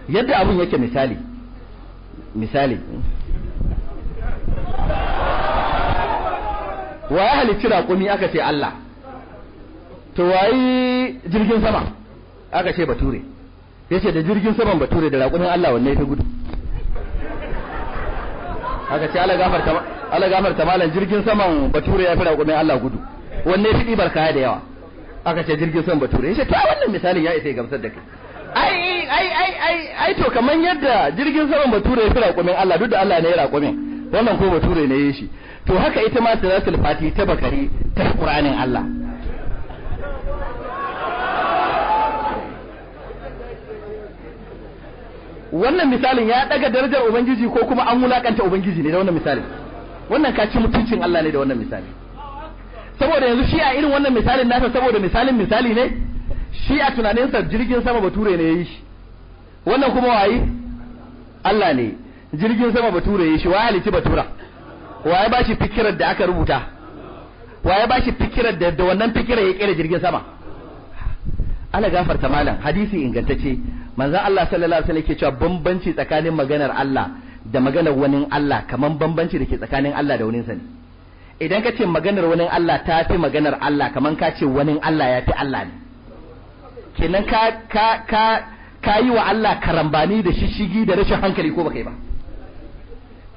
yadda abun yake misali misali wa ya halicci raƙumi aka ce Allah to wayi jirgin sama aka ce bature yace da jirgin saman bature da raƙumin Allah wanne ta gudu haka ce Allah gafar tamalan jirgin saman bature ya fi raƙumin Allah gudu wanne fi ɗibar kaya da yawa aka ce jirgin saman bature ya ce to wannan misalin ya isa ya gamsar da kai ai ai ai ai ai to kaman yadda jirgin saman bature ya fi raƙumin Allah duk da Allah ne ya raƙumin wannan ko bature ne ya shi to haka ita ma salatul fati ta bakari ta Qur'anin Allah wannan misalin ya daga darajar ubangiji ko kuma an wulakanta ubangiji ne da wannan misalin wannan ka ci mutuncin Allah ne da wannan misali saboda yanzu shi a irin wannan misalin nasa saboda misalin misali ne shi a tunaninsa jirgin sama bature ne ya yi shi wannan kuma waye Allah ne jirgin sama bature ya yi shi waye halitti batura waye ba shi fikirar da aka rubuta waye ba shi fikirar da da wannan fikirar ya kera jirgin sama Allah gafarta malam hadisi ingantacce manzon Allah sallallahu alaihi wasallam yake cewa bambanci tsakanin maganar Allah da maganar wani Allah kaman bambanci da ke tsakanin Allah da wani sani idan ka ce maganar wani Allah ta fi maganar Allah kaman ka ce wani Allah ya fi Allah ne kenan ka ka ka ka yi wa Allah karambani da shishigi da rashin hankali ko baka yi ba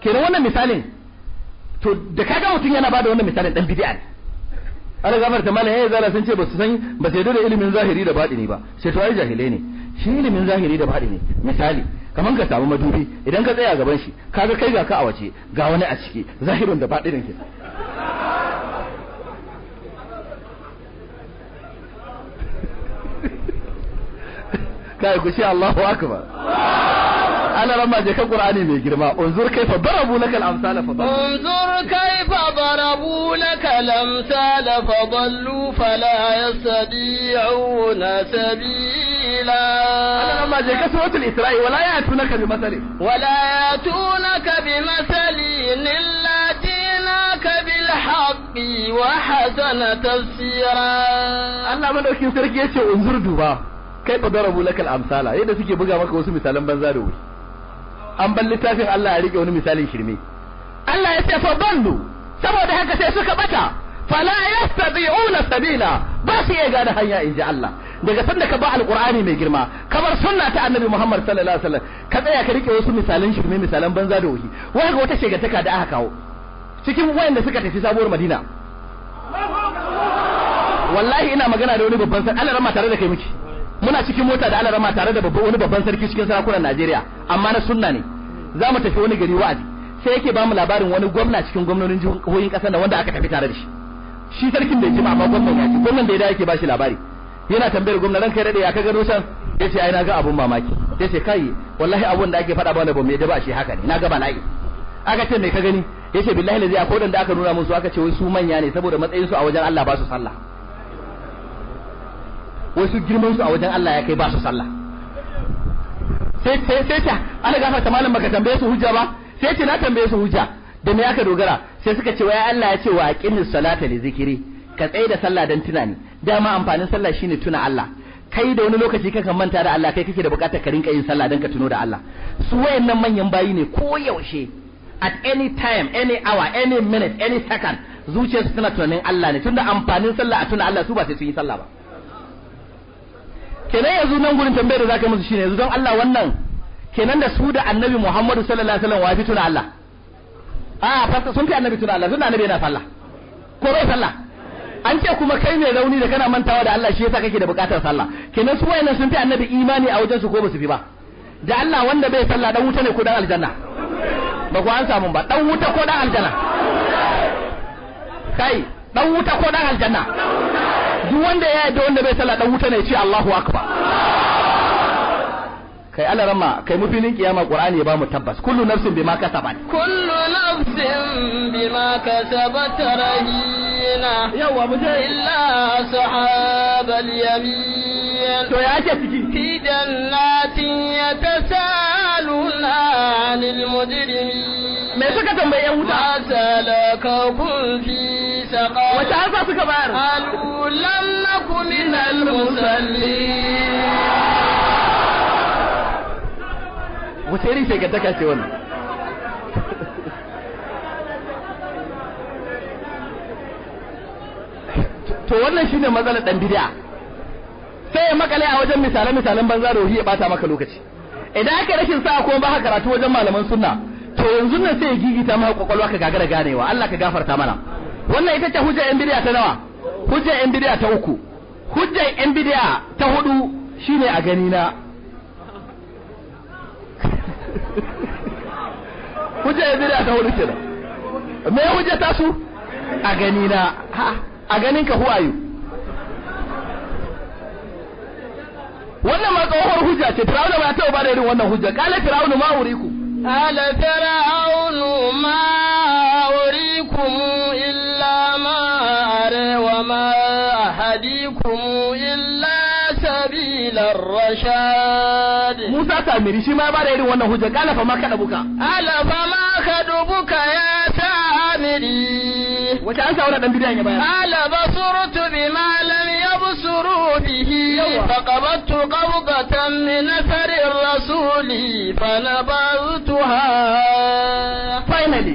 kenan wannan misalin to da kaga mutum yana bada wannan misalin dan bid'a ne ana gafarta mana yayin eh, zara sun ce ba su san ba su yarda da ilimin zahiri da batini ba sai to ai jahilai ne shi ilimin zahiri da baɗi ne misali kaman ka samu madubi idan ka tsaya gaban shi kaga kai ga ka a wace ga wani a ciki zahirin da baɗinin ne [laughs] kai ku ce Allahu akbar ana rama je ka qur'ani mai girma unzur kaifa darabu laka al-amsal fa dallu unzur kaifa darabu laka al-amsal fa dallu fala yastati'una sabila ana rama je ka suratul isra'i wala yatunaka bi masali wala yatunaka bi masali illa tinaka bil haqqi sarki duba kai fa darabu lakal amsala yadda suke buga maka wasu misalan banza da wuri an bar littafin Allah ya rike wani misalin shirme Allah ya ce fa bandu saboda haka sai suka bata fala yastabi'una sabila ba su iya gane hanya in ji Allah daga sanda ka ba alqur'ani mai girma ka bar sunna ta annabi Muhammad sallallahu alaihi wasallam ka tsaya ka rike wasu misalan shirme misalan banza da wahi wai ga wata taka da aka kawo cikin wayanda suka tafi sabuwar Madina wallahi ina magana da wani babban san Allah rama tare da kai miki muna cikin mota da alarama tare da wani babban sarki cikin sarakunan Najeriya amma na sunna ne za mu tafi wani gari wa'azi sai yake ba mu labarin wani gwamna cikin gwamnonin jihohin ƙasar na wanda aka tafi tare da shi shi sarkin bai jima amma gwamnan ya ce gwamnan da ya dawo yake ba shi labari yana tambayar gwamna ranka kai rade ya ka gano can ya ce ai na ga abun mamaki ya ce kai wallahi abun da ake faɗa ba wanda ba mai ba shi haka ne na ga bala'i aka ce mai ka gani ya ce billahi lazi akwai da aka nuna musu aka ce wai su manya ne saboda matsayin su a wajen Allah ba su sallah wasu girman su a wajen Allah ya kai ba su sallah sai sai sai ta ana gafarta malam baka tambaye su hujja ba sai ce na tambaye su hujja da me aka dogara sai suka ce wai Allah ya ce wa aqimis salata li zikri ka tsaye da sallah dan tunani dama amfanin sallah shine tuna Allah kai da wani lokaci kakan manta da Allah kai kake da bukatar ka rinka yin sallah dan ka tuno da Allah su wayannan manyan bayi ne ko yaushe at any time any hour any minute any second zuciyarsu tana tunanin Allah ne tunda amfanin sallah a tuna Allah su ba sai sun yi sallah ba kenan yanzu nan gurin tambayar da zaka musu shine yanzu don Allah wannan kenan da su da annabi Muhammadu sallallahu alaihi wasallam wafi tuna Allah a fasta sun fi annabi tuna Allah sun annabi yana sallah ko bai sallah an ce kuma kai ne rauni da kana mantawa da Allah shi yasa kake da bukatar sallah kenan su wayannan sun fi annabi imani a wajen su ko ba su fi ba da Allah wanda bai sallah dan wuta ne ko dan aljanna ba ku an samu ba dan wuta ko dan aljanna kai dan wuta ko dan aljanna duk wanda ya yarda wanda bai sallah dan wuta ne ce Allahu akbar kai Allah rama kai mufinin kiyama Qur'ani ya bamu tabbas kullu nafsin bima kasabat kullu nafsin bima kasabat rahina yawa mu illa sahabal yamin to ya ce ciki fi jannatin yatasaluna lil mujrimin me suka tambaye wuta ma salaka kun fi wata ansa suka bayar qalu lam naku min al wata irin ce wannan to wannan shine matsalar dan bid'a sai ya makale a wajen misalan misalan banza da wuri ya bata maka lokaci idan aka rashin sa ko ba karatu wajen malaman sunna to yanzu nan sai ya gigita maka kwakwalwa ka gagara ganewa Allah ka gafarta mana wannan ita ce hujjar yan bid'a ta nawa hujjar yan bid'a ta uku hujjar yan bid'a ta hudu shine a gani na [laughs] hujjar yan bid'a ta hudu da me hujja ta su a gani na a ganin ka huwayu wannan ma tsohuwar hujja ce firawuna ba ta taɓa ba da irin wannan hujja kala firawuna ma wuri ku ala firawunu ma wuri ku والرشاد موسى تامري شي ما بعد irin wannan hujja kala fa ma ka dubuka ala fa ma ka dubuka ya tamiri wata an sa wannan dan bidiyan ya bayar ala basurtu bima lam yabsuru rasuli fanabatuha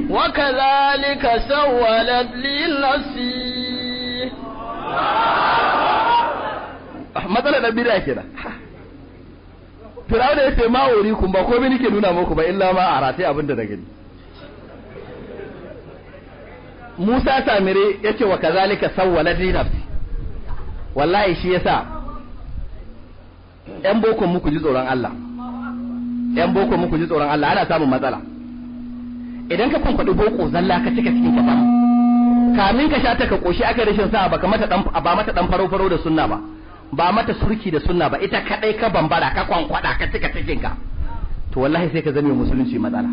وكذلك سولت لي نفسي matsalar na bid'a kenan ya ce ma wuri kun ba komai nake nuna muku ba illa ma ara sai abinda da gani Musa Samire ce wa kazalika sawwala nafsi wallahi shi yasa ƴan boko muku ji tsoron Allah ƴan boko muku ji tsoron Allah ana samun matsala idan ka kwankwaɗi boko zalla ka cika cikin ka kamin ka sha ta ka koshi aka rashin sa baka mata dan ba mata dan faro faro da sunna ba ba mata surki da sunna ba ita kadai ka bambara ka kwankwada ka cika cikin ka to wallahi sai ka zame musulunci matsala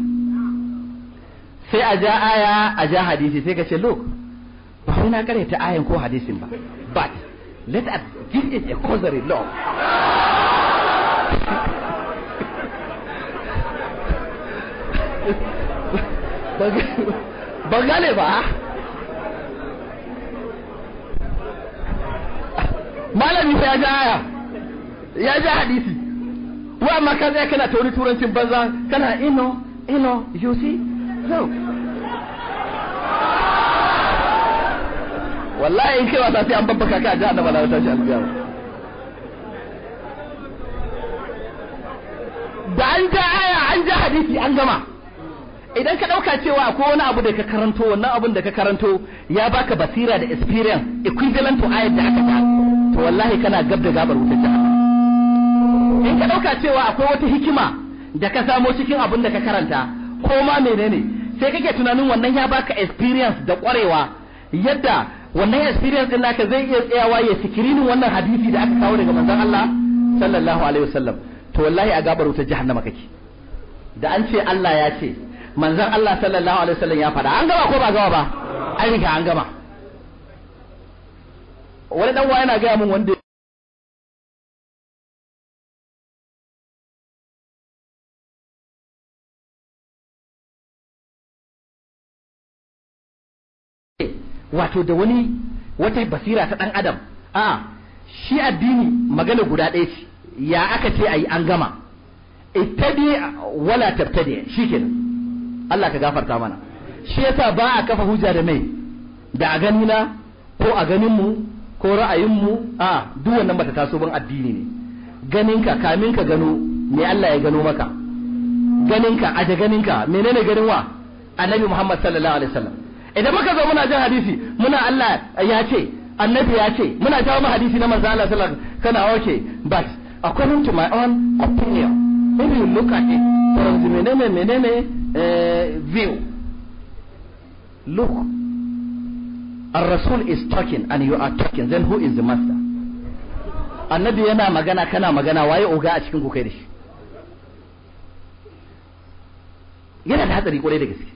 sai a ja aya a ja hadisi sai ka ce look ba sai na ta ayan ko hadisin ba but let us give it a causary law [laughs] ba gane ba malami sai ya ji aya ya ji hadisi wa amma ka tsaya kana tauri turancin banza kana ino ino you see so wallahi in kewa wasa sai an babbaka ka ji annabawa ta tashi alƙiyama da an ja aya an ja hadisi an gama idan ka ɗauka cewa akwai wani abu da ka karanto wannan abun da ka karanto ya baka basira da experience equivalent to ayat da aka ta to wallahi kana gab da gabar wutar jahannama in ka dauka cewa akwai wata hikima da ka samo cikin abin da ka karanta ko ma menene sai kake tunanin wannan ya baka experience da kwarewa yadda wannan experience din naka zai iya tsayawa ya sikirinin wannan hadisi da aka kawo daga manzon Allah sallallahu alaihi wasallam to wallahi a gabar wutar jahannama kake da an ce Allah ya ce manzon Allah sallallahu alaihi wasallam ya faɗa an gaba ko ba gaba ba an riga an gama wani dan wa yana gaya min wanda wato da wani wata basira ta dan adam a shi addini magana guda ɗaya ce ya aka ce ayi an gama ittabi wala tabtadi shikenan Allah ka gafarta mana shi yasa ba a kafa hujja da mai da a ganina ko a ganin mu ko ra'ayinmu a duk wannan bata taso ban addini ne ganinka kamin ka gano me Allah ya gano maka ganinka aje ganinka menene ganin wa annabi Muhammad sallallahu alaihi wasallam idan muka zo muna jin hadisi muna Allah ya ce annabi ya ce muna jawo mu hadisi na manzo Allah sallallahu alaihi wasallam kana okay but according to my own opinion maybe you look at it from the menene menene eh, view look ar-rasul is talking and you are talking then who is the master annabi yana magana kana magana waye oga a cikin ku kai da shi yana da hatsari kwarai da gaske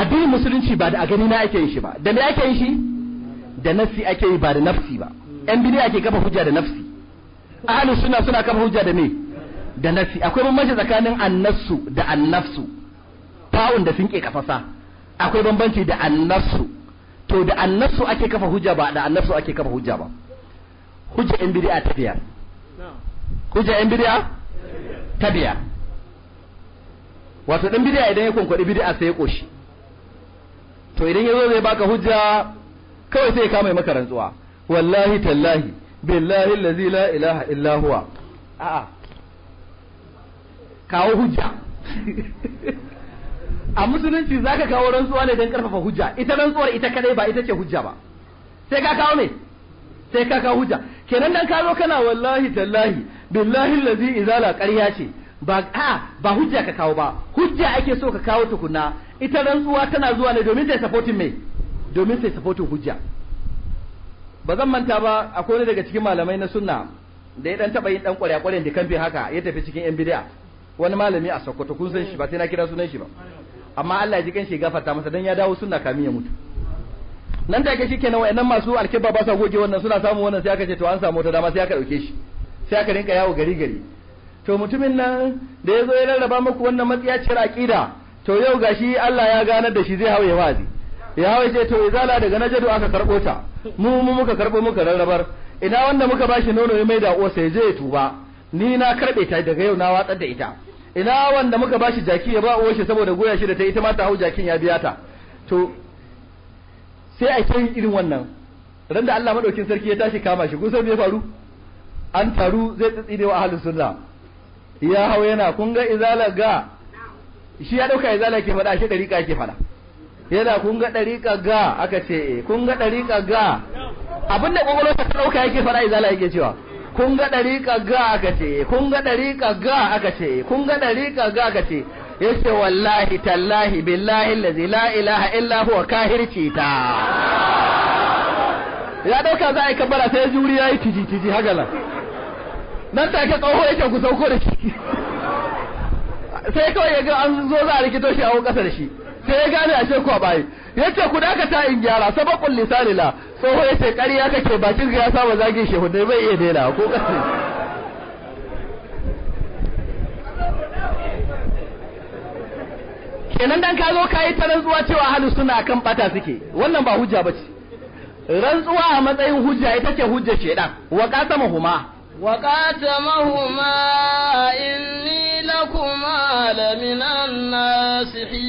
addinin musulunci ba da a gani na ake yin shi ba da me ake yin shi da nafsi ake yi ba da nafsi ba yan bidi ake kafa hujja da nafsi ahlus sunna suna kafa hujja da me da nafsi akwai bambanci tsakanin annasu da annafsu ta'un da sun ke kafasa akwai bambanci da annasu to da annabsu ake kafa hujja ba da annabsu ake kafa hujja ba hujja yan bid'a ta biyar hujja yan bid'a ta biyar wato dan bid'a idan ya kwankwadi bid'a sai ya koshi to idan yazo zai baka hujja kawai sai ya kama maka rantsuwa wallahi tallahi billahi allazi la ilaha illa huwa a'a kawo hujja [laughs] a musulunci za ka kawo rantsuwa ne don karfafa hujja ita rantsuwar ita kadai ba ita ce hujja ba sai ka kawo ne sai ka kawo hujja kenan dan ka zo kana wallahi tallahi billahi allazi izala ƙarya ce ba a ba hujja ka kawo ba hujja ake so ka kawo tukuna ita rantsuwa tana zuwa ne domin ta supporting me domin ta supporting hujja ba zan manta ba akwai wani daga cikin malamai na sunna da ya dan taba yin dan ƙwarya ƙwarya da kamfe haka ya tafi cikin yan bid'a wani malami a Sokoto kun san shi ba sai na kira sunan shi ba amma Allah ya ji kan shi gafarta masa dan ya dawo sunna kamin ya mutu nan da take shikenan wayannan masu alkiba ba sa goge wannan suna samu wannan sai aka ce to an samu wata dama sai aka dauke shi sai aka rinka yawo gari gari to mutumin nan da ya zo ya rarraba muku wannan matsiyaciyar aqida to yau gashi Allah ya gana da shi zai hawaye wazi ya hawaye ce to izala daga najadu aka karbo ta mu mu muka karbo muka rarrabar ina wanda muka bashi nono ya maida uwarsa ya je ya tuba ni na karbe ta daga yau na watsar da ita ina wanda muka bashi jaki ya ba uwar shi saboda goya shi da ta ita ma ta hau jakin ya biya ta to sai a kai irin wannan ran da Allah madaukin sarki ya tashi kama shi kusa ya faru an taru zai tsitsi da ahlus sunna ya hau yana kun ga izala ga shi ya dauka izala ke fada shi dariqa ke fada yana kun ga dariqa ga aka ce eh, kun ga dariqa ga abinda gogoro ta dauka yake faɗa izala yake cewa kun ga ɗariƙa ga aka ce kun ga ɗariƙa ga aka ce kun ga ɗariƙa ga aka ce yace wallahi tallahi billahi allazi la ilaha illa huwa kahirci ta ya dauka za a yi kabara sai juri yi tiji tiji hagala nan ta ke tsoho yake ku sauko da shi sai kawai ya ga an zo za a rikito shi a wani da shi sai ya gane ashe ko bai yace ku dakata in gyara sabaqul lisanila tsoho yace ƙarya kake bakin ya saba zage shehu dai bai iya daina ko kace kenan dan ka zo kai ta rantsuwa cewa ahlus sunna kan bata suke wannan ba hujja bace rantsuwa a matsayin hujja ita ce hujja shedan wa huma wa huma inni lakuma lamina nasihin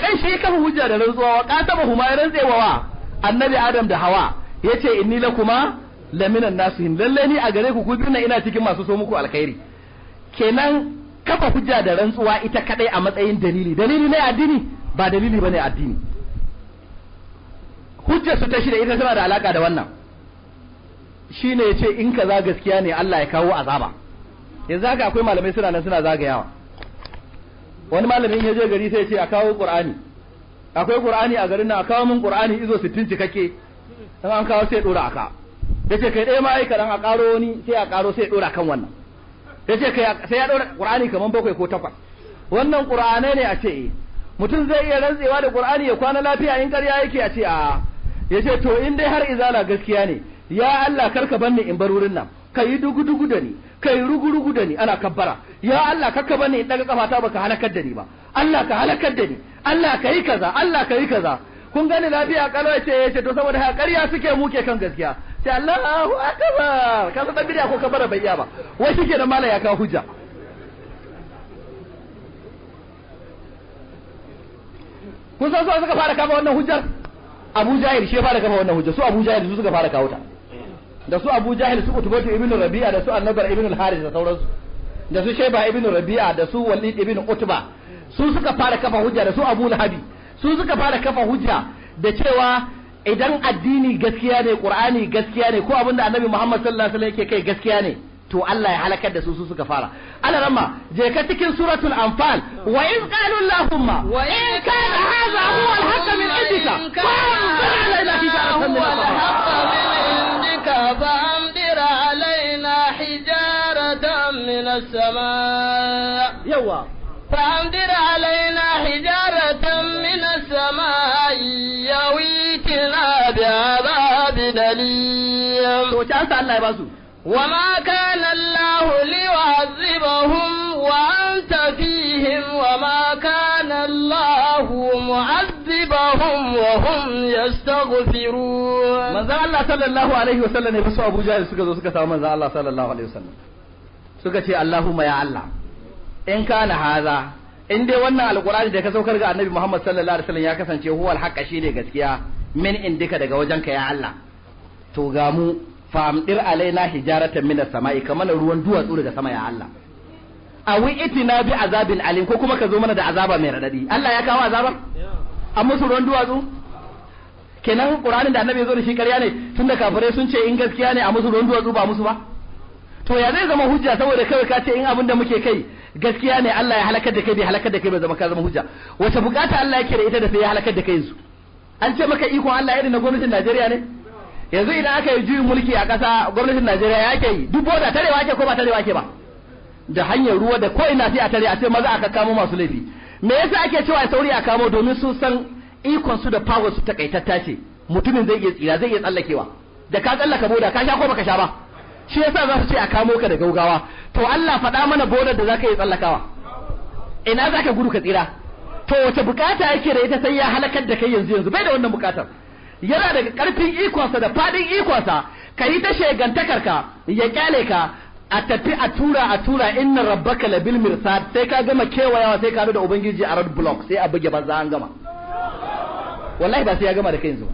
shedan shi kafa hujja da rantsuwa wa kataba huma ya rantsewa wa annabi adam da hawa ya yace inni kuma laminan hin lalle ni a gare ku ku biyu ina cikin masu so muku alkhairi kenan kafa hujja da rantsuwa ita kadai a matsayin dalili dalili ne addini ba dalili bane addini hujjar su ta da ita tana da alaka da wannan shine yace in ka za gaskiya ne Allah ya kawo azaba yanzu haka akwai malamai suna nan suna zagayawa wani malamin ya je gari sai ce a kawo ƙur'ani akwai ƙur'ani a garin nan a kawo min ƙur'ani izo 60 cikakke sai an kawo sai dora aka yace kai dai ma aika dan a karo wani sai a karo sai dora kan wannan yace kai sai ya dora ƙur'ani kaman bakwai ko takwas wannan ƙur'ani ne a ce mutum zai iya rantsewa da ƙur'ani ya kwana lafiya in ƙarya yake a ce a yace to in dai har izala gaskiya ne ya Allah karka banni in bar wurin nan ka yi dugu dugu da ni kai rugu-rugu da ni ana kabbara ya Allah kakka bane in daga kafata baka halakar da ni ba Allah ka halakar da ni Allah ka yi kaza Allah ka yi kaza kun gani lafiya kalau ce ce to saboda haka ƙarya suke muke kan gaskiya sai Allahu akbar ka san bidiya ko kabbara bai iya ba wai shike da mala ya ka hujja kun san su suka fara kafa wannan hujjar Abu Jahil shi ya fara kafa wannan hujjar so Abu Jahil su suka fara kawo ta da su Abu Jahil su Utbatu ibn Rabi'a da su Annabar ibn al-Harith da sauransu da su shaiba ibn Rabi'a da su Walid ibn Utba su suka fara kafa hujja da su Abu Lahabi su suka fara kafa hujja da cewa idan addini gaskiya ne Qur'ani gaskiya ne ko abinda Annabi Muhammad sallallahu alaihi wasallam yake kai gaskiya ne to Allah ya halakar da su su suka fara alarama je ka cikin suratul anfal wa in qalu allahumma wa in kana hadha huwa al-haqq min indika fa anzur alaina fi jahannam فأمطر علينا حجارة من السماء يوا فأمطر علينا حجارة من السماء يويتنا بعذاب أليم وما كان الله لي تعذبهم وأنت فيهم وما كان الله معذبهم وهم يستغفرون من ذا الله صلى الله عليه وسلم يبسو أبو جاهل سكة سكة من ذا الله صلى الله عليه وسلم سكة اللهم يا الله إن كان هذا in dai wannan alkurani da ka saukar ga annabi Muhammad sallallahu alaihi wasallam ya kasance huwal shi ne gaskiya min indika daga wajenka ya Allah to ga famdir alaina hijaratan min as-sama'i kamar ruwan duwatsu daga sama ya Allah A wi'iti itina bi azabin alim ko kuma ka zo mana da azaba mai radadi Allah ya kawo azaba an musu ruwan duwatsu kenan qur'anin da annabi ya zo da shi ƙarya ne tunda kafirai sun ce in gaskiya ne a musu ruwan duwatsu ba musu ba to ya zai zama hujja saboda kawai ka ce in abin da muke kai gaskiya ne Allah ya halakar da kai bai halakar da kai bai zama ka zama hujja wace bukata Allah yake da ita da sai ya halakar da kai yanzu an ce maka ikon Allah irin na gwamnatin Najeriya ne yanzu idan aka yi juyin mulki a ƙasa gwamnatin Najeriya ya ke yi duk boda tarewa wake ko ba tarewa ba da hanyar ruwa da ko ina sai a tare a ce maza aka kamo masu laifi me yasa ake cewa sauri a kamo domin sun san ikon su da power su takaitatta ce mutumin zai iya tsira zai iya tsallakewa da ka tsallaka boda ka sha ko baka sha ba shi yasa za su ce a kamo ka da gaugawa to Allah faɗa mana bodar da zaka yi tsallakawa ina zaka gudu ka tsira to wace bukata yake da ita sai ya halakar da kai yanzu yanzu bai da wannan bukatar yana daga karfin ikonsa da fadin ikonsa ka yi ta shegantakarka ya kyale ka a tafi a tura a tura inna rabbaka bil mirsad sai ka gama kewayawa sai ka da ubangiji a red block sai a buge banza an gama wallahi ba sai ya gama da kai yanzu ba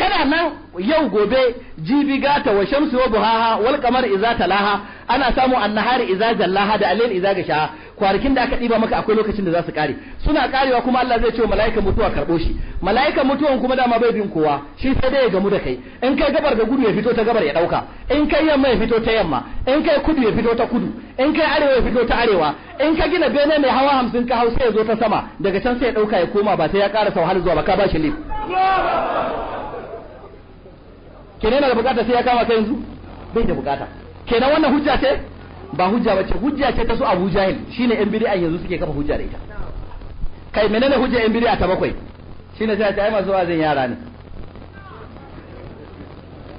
kana nan yau gobe jibi gata wa shamsu wa buhaha wal qamar iza talaha ana samu annahari iza jallaha da alayl iza gasha kwarkin da aka diba maka akwai lokacin da za su kare suna karewa kuma Allah zai ce malaika mutuwa karbo shi malaika mutuwan kuma dama bai bin kowa shi sai dai ya gamu da kai in kai gabar ga gudu ya fito ta gabar ya dauka in kai yamma ya fito ta yamma in kai kudu ya fito ta kudu in kai arewa ya fito ta arewa in ka gina bene mai hawa hamsin ka hausa ya zo ta sama daga can sai ya dauka ya koma ba sai ya karasa wahala zuwa ba ka ba shi kenan yana da bukata sai ya kama kai yanzu bai da bukata kenan wannan hujja ce ba hujja bace hujja ce ta su Abu Jahil shine yan bid'a yanzu suke kafa hujja da ita kai menene hujja yan bid'a ta bakwai shine sai ta yi masu wazin yara ne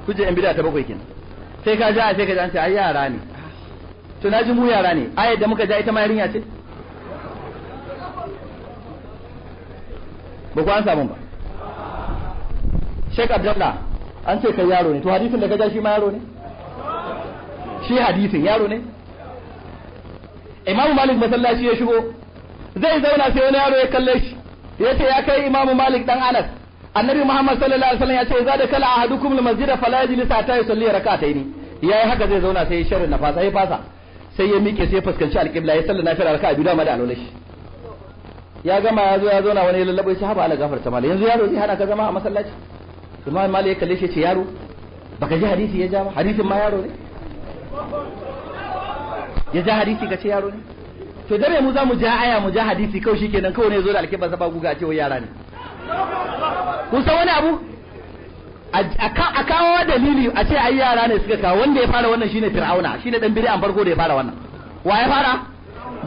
hujja yan bid'a ta bakwai kenan sai ka ja sai ka ja an ce ai yara ne to na ji mu yara ne ayar da muka ja ita ma yarinya ce ba ku an samu ba Sheikh Abdullah an ce kai yaro ne to hadisin da ka ja shi ma yaro ne shi hadisin yaro ne imamu malik masallaci ya shigo zai zauna sai wani yaro ya kalle shi ya ce ya kai imamu malik dan anas annabi muhammad sallallahu alaihi wasallam ya ce za da kala ahadukum almasjid masjid fala yajlisa ta yusalli rak'atayn yayi haka zai zauna sai ya na fasa ya fasa sai ya miƙe sai ya fuskanci alƙibla ya sallana raka raka'a biyu ma da alwala shi ya gama ya zo ya zauna wani ya lallabo ya haba ala gafarta mala yanzu yaro zai hana ka zama a masallaci kuma mali ya kalle shi ce yaro baka ji hadisi ya ja ba hadisin ma yaro ne ya ja hadisi ka ce yaro ne to dare mu za mu ja aya mu ja hadisi kawai shikenan kawai ne zo da alkibar zaba ba guga ce wa yara ne kun san wani abu a kawo dalili a ce ai yara ne suka kawo wanda ya fara wannan shine fir'auna shine dan bid'an farko da ya fara wannan wa ya fara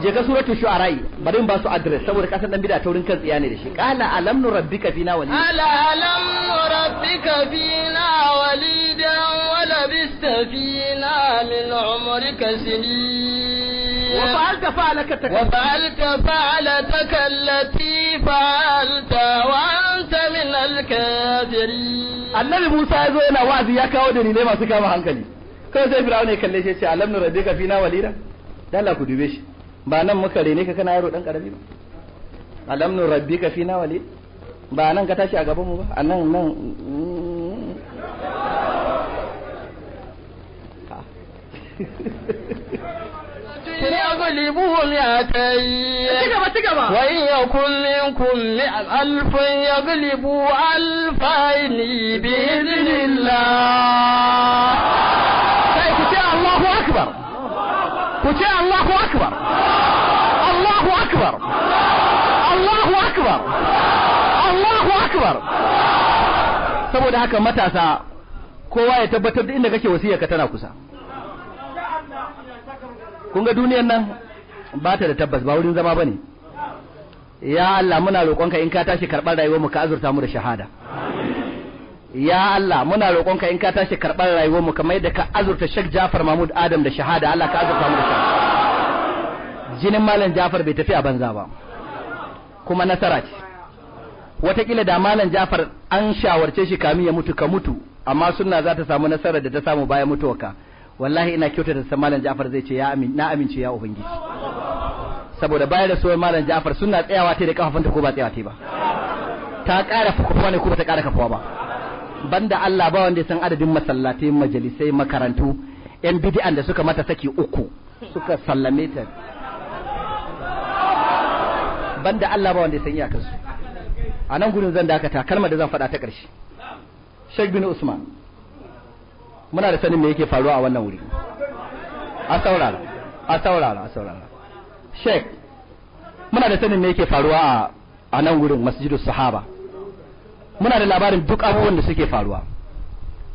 je ga suratu shu'ara bari in ba su address saboda kasan dan bid'a taurin kan tsiya ne da shi qala alam nurabbika fina walida ala alam nurabbika fina walida wa labista fina min umrika sinin wa fa'alta fa'alaka wa fa'alta fa'alaka allati fa'alta wa anta min al-kafirin annabi Musa ya zo yana wazi ya kawo da ni ne masu kama hankali kai sai Fir'auna ya kalle shi ya ce alam nurabbika fina walida la ku dube shi ba nan muka rene ka kana yaro dan karami ba alam nu rabbika fi nawali ba nan ka tashi a gaban mu ba anan nan Ya abu libuhun ya ta yi. Cigaba, gaba. Wai ya kullin kulli alfin ya gulibu alfa ni bi idinillah. ku ce Allahu akbar Allahu akbar Allahu akbar Allahu akbar saboda haka matasa kowa ya tabbatar da inda kake wasiyar ka tana kusa kun ga duniyar nan ba ta da tabbas ba wurin zama bane ya Allah muna roƙonka in ka tashi karɓar rayuwar mu ka azurta mu da shahada ya Allah muna roƙonka in ka tashi karɓar rayuwar mu kamar yadda ka azurta Sheikh Jafar Mahmud Adam da shahada Allah ka azurta mu da shahada jinin malam Jafar bai tafi a banza ba kuma nasara ce watakila da malam Jafar an shawarce shi kamin ya mutu ka mutu amma sunna za ta samu nasarar da ta samu bayan mutuwarka wallahi ina kyautata da malam Jafar zai ce ya amin na amince ya ubangiji saboda bayan da soyayya malam Jafar sunna tsayawa ta da kafafunta ko ba tsayawa ta ba ta ƙara fukufuwa ne ko ba ta ƙara kafuwa ba banda Allah ba wanda ya san adadin masallatai majalisai makarantu yan bid'an da suka mata saki uku suka sallame ta banda Allah ba wanda ya san iyakarsu a nan gudun zan dakata kalmar da zan faɗa ta ƙarshe Sheikh bin Usman muna da sanin me yake faruwa a wannan wuri a saurara a saurara a saurara Sheikh muna da sanin me yake faruwa a nan wurin masjidus sahaba muna da labarin duk abubuwan da suke faruwa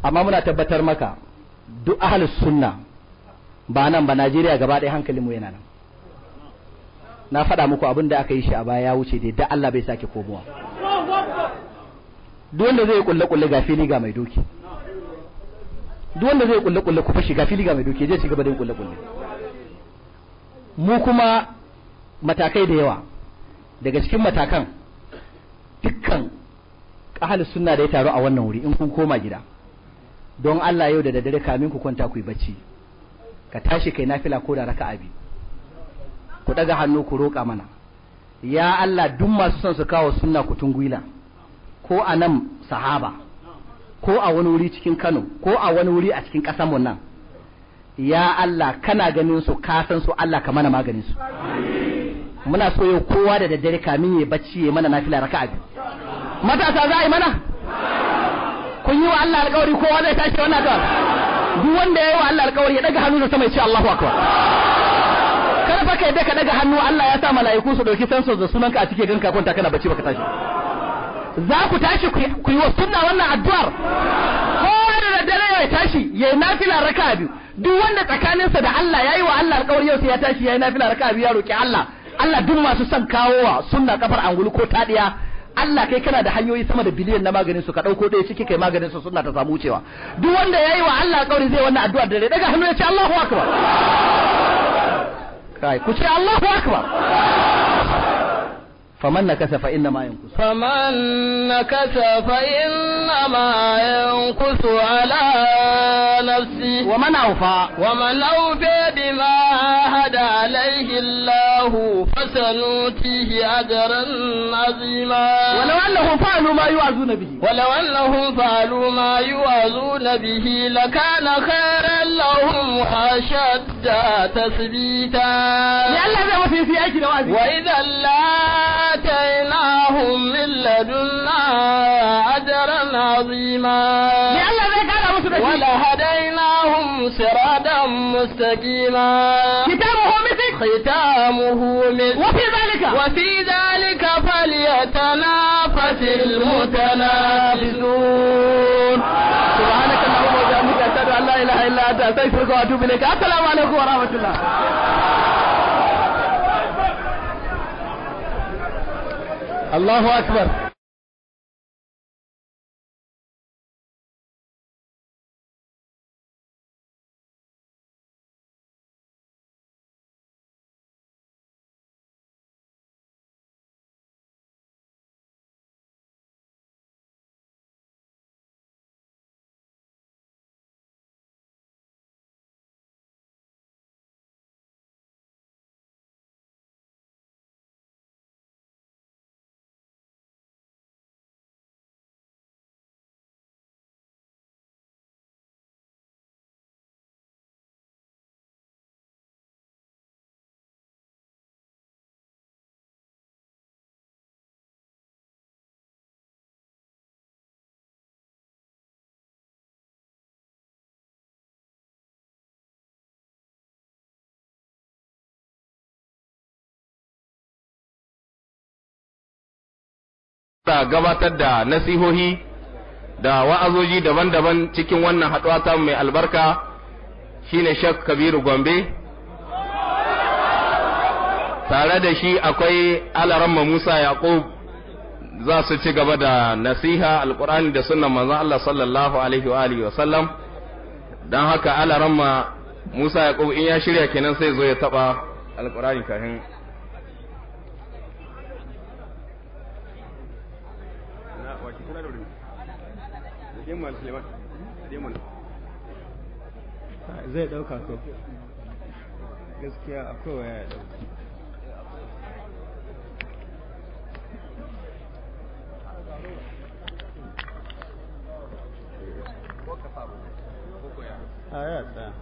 amma muna tabbatar maka duk ahalus sunna ba nan ba Najeriya gaba ɗaya hankalin mu yana nan na faɗa muku abin da aka yi shi a baya ya wuce dai da Allah bai sake komowa duk wanda zai kulle kulle ga fili ga mai doki duk wanda zai kulle kulle ku fashi ga fili ga mai doki zai ci gaba da kulle kulle mu kuma matakai da yawa daga cikin matakan dukkan ahalus suna da ya taru a wannan wuri in kun koma gida don Allah yau da daddare kamin ku kwanta ku yi bacci ka tashi kai nafila ko da raka'a bi ku daga hannu ku roƙa mana ya Allah duk masu son su kawo sunna ku tungwila ko a nan sahaba ko a wani wuri cikin Kano ko a wani wuri a cikin ƙasar mu nan ya Allah kana ganin su ka san su Allah ka mana maganin su muna so yau kowa da daddare kamin ya bacci ya mana nafila raka'a biyu matasa za a yi mana kun yi wa Allah alƙawari kowa zai tashi wannan addu'a duk wanda ya yi wa Allah alƙawari ya daga hannu da sama ya ce Allahu akbar kada fa ka yadda ka daga hannu Allah ya sa mala'iku su dauki sansu da sunanka a cikin ganka kwanta kana bacci baka tashi za ku tashi ku yi wa sunna wannan addu'ar kowa da daddare ya tashi ya yi nafila raka biyu duk wanda tsakaninsa da Allah ya yi wa Allah alƙawari yau sai ya tashi ya yi nafila raka biyu ya roƙi Allah Allah duk masu son kawowa sunna kafar angulu ko taɗiya Allah kai kana da hanyoyi sama da biliyan na maganin su ka dauko ɗaya ciki kai maganin su sunna ta samu wucewa duk wanda yayi wa Allah kauri zai wannan addu'a da daga hannu ya ce Allahu akbar kai ku ce Allahu akbar faman nakasa fa inna ma fa faman nakasa fa inna ma yankusu ala نفسه ومن أوفى ومن أوفى بما هدى عليه الله فسنؤتيه أجرا عظيما ولو أنهم فعلوا ما يوعظون به ولو أنهم فعلوا ما يوعظون به لكان خيرا لهم أشد تثبيتا وإذا لآتيناهم من لدنا أجرا عظيما ولهديناهم صراطا مستقيما ختامه مسك ختامه مسك وفي ذلك وفي ذلك فليتنافس المتنافسون سبحانك اللهم وبحمدك اشهد ان لا اله الا انت استغفرك واتوب اليك السلام عليكم ورحمه الله الله اكبر ta gabatar da nasihohi da wa'azoji daban-daban cikin wannan haɗuwa ta mai albarka shine shak Kabiru Gombe tare da shi akwai Alaramma Musa Yaqub za su ci gaba da nasiha alkur'ani da sunan manzon Allah sallallahu alaihi wa wa sallam don haka Alaramma Musa Yaqub in ya shirya kenan sai zo ya taba alkur'ani kafin يمه سليمان يمه zai dauka ko gaskiya akwai waya ya dauka a ya tsaya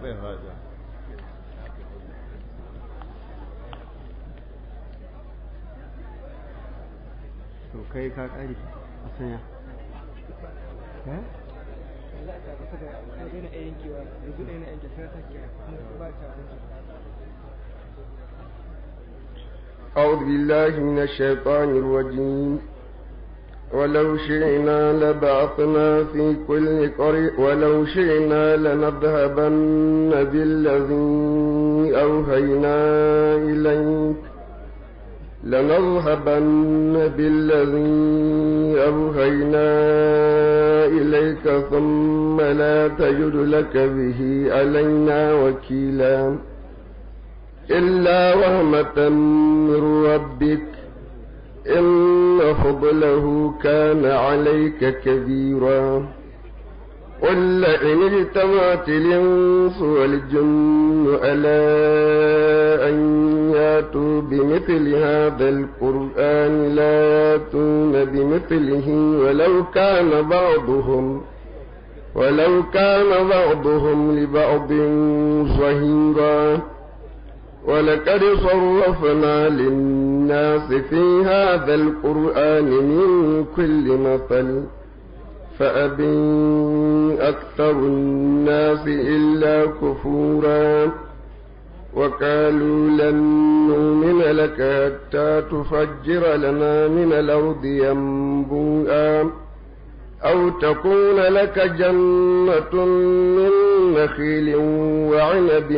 bai hajjaa kai ka kare a sanya أعوذ بالله من الشيطان الرجيم ولو شئنا لبعثنا في كل قرية ولو شئنا لنذهبن بالذي أوهينا إليك لنذهبن بالذي أوهينا إليك ثم لا تجد لك به علينا وكيلا إلا رحمة من ربك إن فضله كان عليك كبيرا قل لئن اجتمعت الإنس والجن ألا أن ياتوا بمثل هذا القرآن لا ياتون بمثله ولو كان بعضهم ولو كان بعضهم لبعض ظهيرا ولقد صرفنا للناس في هذا القرآن من كل مثل فأبي أكثر الناس إلا كفورا وقالوا لن نؤمن لك حتى تفجر لنا من الأرض ينبوءا أو تكون لك جنة من نخيل وعنب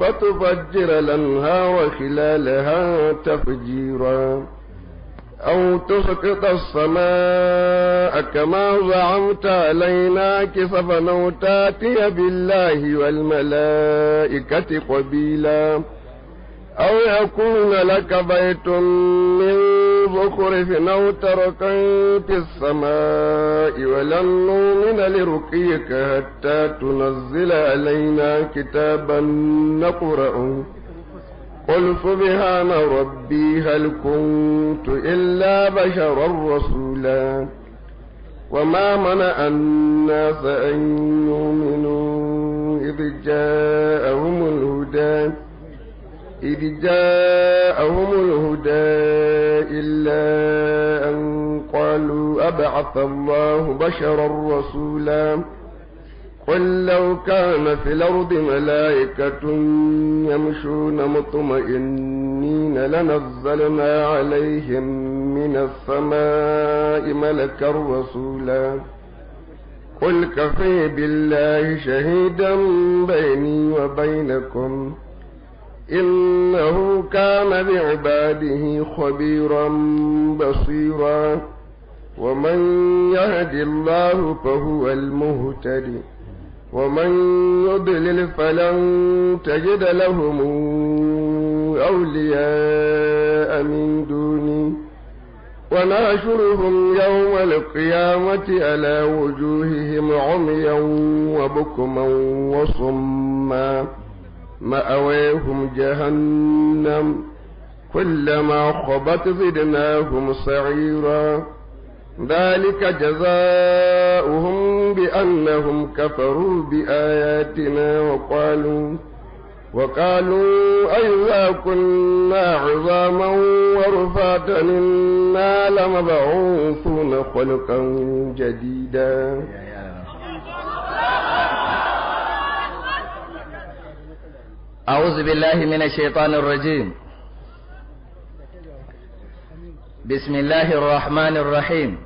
فتفجر الأنهار خلالها تفجيرا أو تسقط السماء كما زعمت علينا كسفا أو تاتي بالله والملائكة قبيلا أو يكون لك بيت من زخرف أو ترقى في السماء ولن نؤمن لرقيك حتى تنزل علينا كتابا نقرأه قل سبحان ربي هل كنت إلا بشرا رسولا وما منع الناس أن يؤمنوا إذ جاءهم الهدى إذ جاءهم الهدى إلا أن قالوا أبعث الله بشرا رسولا قل لو كان في الأرض ملائكة يمشون مطمئنين لنزلنا عليهم من السماء ملكا رسولا قل كفي بالله شهيدا بيني وبينكم إنه كان بعباده خبيرا بصيرا ومن يهد الله فهو المهتدي ومن يضلل فلن تجد لهم أولياء من دوني وناشرهم يوم القيامة على وجوههم عميا وبكما وصما مأويهم جهنم كلما خبت زدناهم سعيرا ذلك جزاؤهم بأنهم كفروا بآياتنا وقالوا وقالوا أيها كنا عظاما ورفاتا إنا لمبعوثون خلقا جديدا أعوذ بالله من الشيطان الرجيم بسم الله الرحمن الرحيم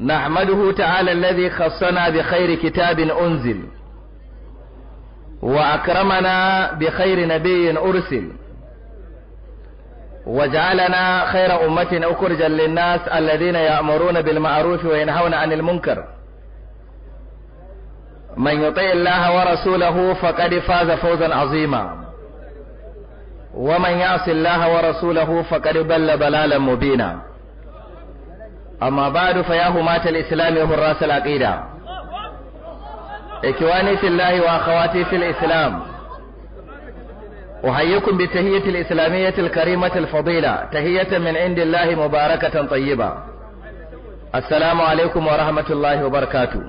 نحمده تعالى الذي خصنا بخير كتاب أنزل وأكرمنا بخير نبي أرسل وجعلنا خير أمة أخرجا للناس الذين يأمرون بالمعروف وينهون عن المنكر من يطيع الله ورسوله فقد فاز فوزا عظيما ومن يعص الله ورسوله فقد بل بلالا مبينا amma ba da fa ya humata al’islami ya hurra salaƙida. Ikiwani fillahi wa khawati fil islam uhayyukum bi tahiyyati al islamiyyati al karimati al fadila tahiyyatan min indillahi mubarakatan tayyiba assalamu alaikum wa rahmatullahi wa barakatuh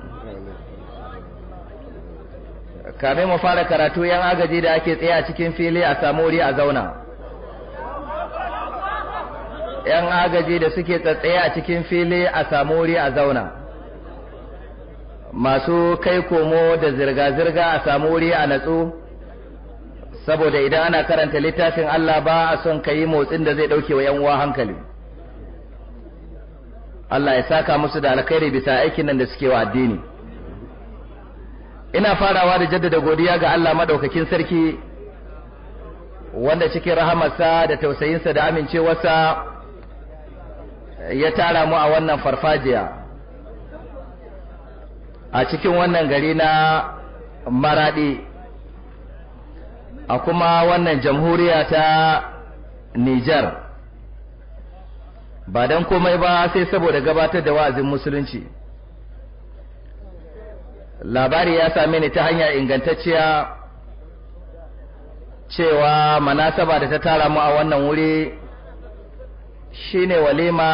kame mu fara karatu yan agaji da ake tsaya cikin fili a samuri a zauna ‘yan agaji da suke tsatsaye a cikin fili a samu wuri a zauna, masu kai komo da zirga-zirga a samu wuri a natsu, saboda idan ana karanta littafin Allah ba a son ka yi motsin da zai ɗauke wa ‘yan'uwa hankali. Allah ya saka musu da alkhairi bisa aikin nan da suke wa addini. Ina farawa da jaddada godiya ga Allah maɗaukakin sarki wanda cikin rahamarsa da tausayinsa da amincewarsa ya tara mu a wannan farfajiya a cikin wannan gari na Maraɗi, a kuma wannan jamhuriya ta Nijar ba don komai ba sai saboda gabatar da wa'azin musulunci labari ya same ni ta hanya ingantacciya cewa manasaba da ta tara mu a wannan wuri Shi ne walima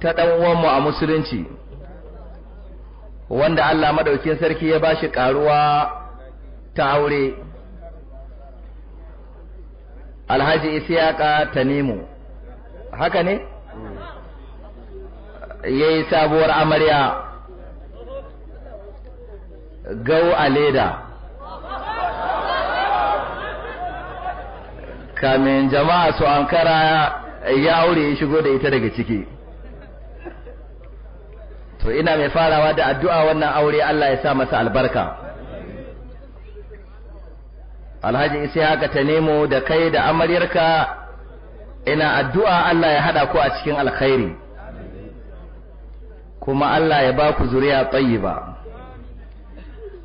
ta dan mu a musulunci wanda Allah maɗaukin sarki ya bashi ƙaruwa ta aure Alhaji Isiyaka Tanimu haka ne yayi sabuwar amarya gau a leda kamin jama'a su ankara ya aure ya shigo da ita daga ciki to ina mai farawa da addu'a wannan aure Allah ya sa masa albarka alhaji sai haka ta nemo da kai da amaryarka ina addu'a Allah ya hada ku a cikin alkhairi kuma Allah ya ba ku zuriya tayyiba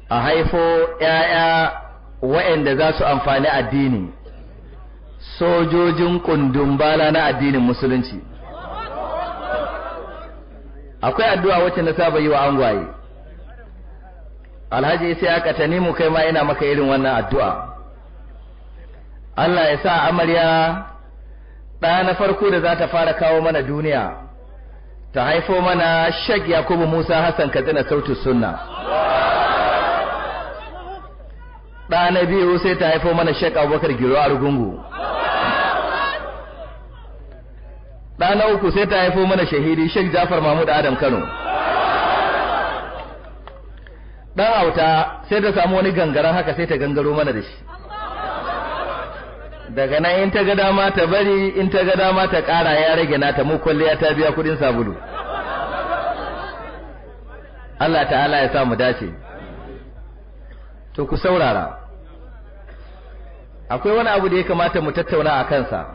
a haifo ‘ya'ya waɗanda za su amfani addini sojojin kundun bala na addinin musulunci akwai addu'a wacce na saba yi wa angwaye alhaji sai aka tani mu kai ma ina maka irin wannan addu'a Allah ya sa amarya ɗaya na farko da za ta fara kawo mana duniya ta haifo mana shag yakubu musa hassan katsina sautin sunna ɗa na biyu sai ta haifo mana shek abubakar giro rugungu ɗa na uku sai ta haifo mana shahidi shek jafar mahmud adam kano ɗan auta sai ta samu wani gangaren haka sai ta gangaro mana da shi daga nan in ta ga dama ta bari in ta ga dama ta ƙara ya rage na ta mu kwalliya ta biya kuɗin sabulu Allah ta'ala ya sa mu dace to ku saurara akwai wani abu da ya kamata mu tattauna a kansa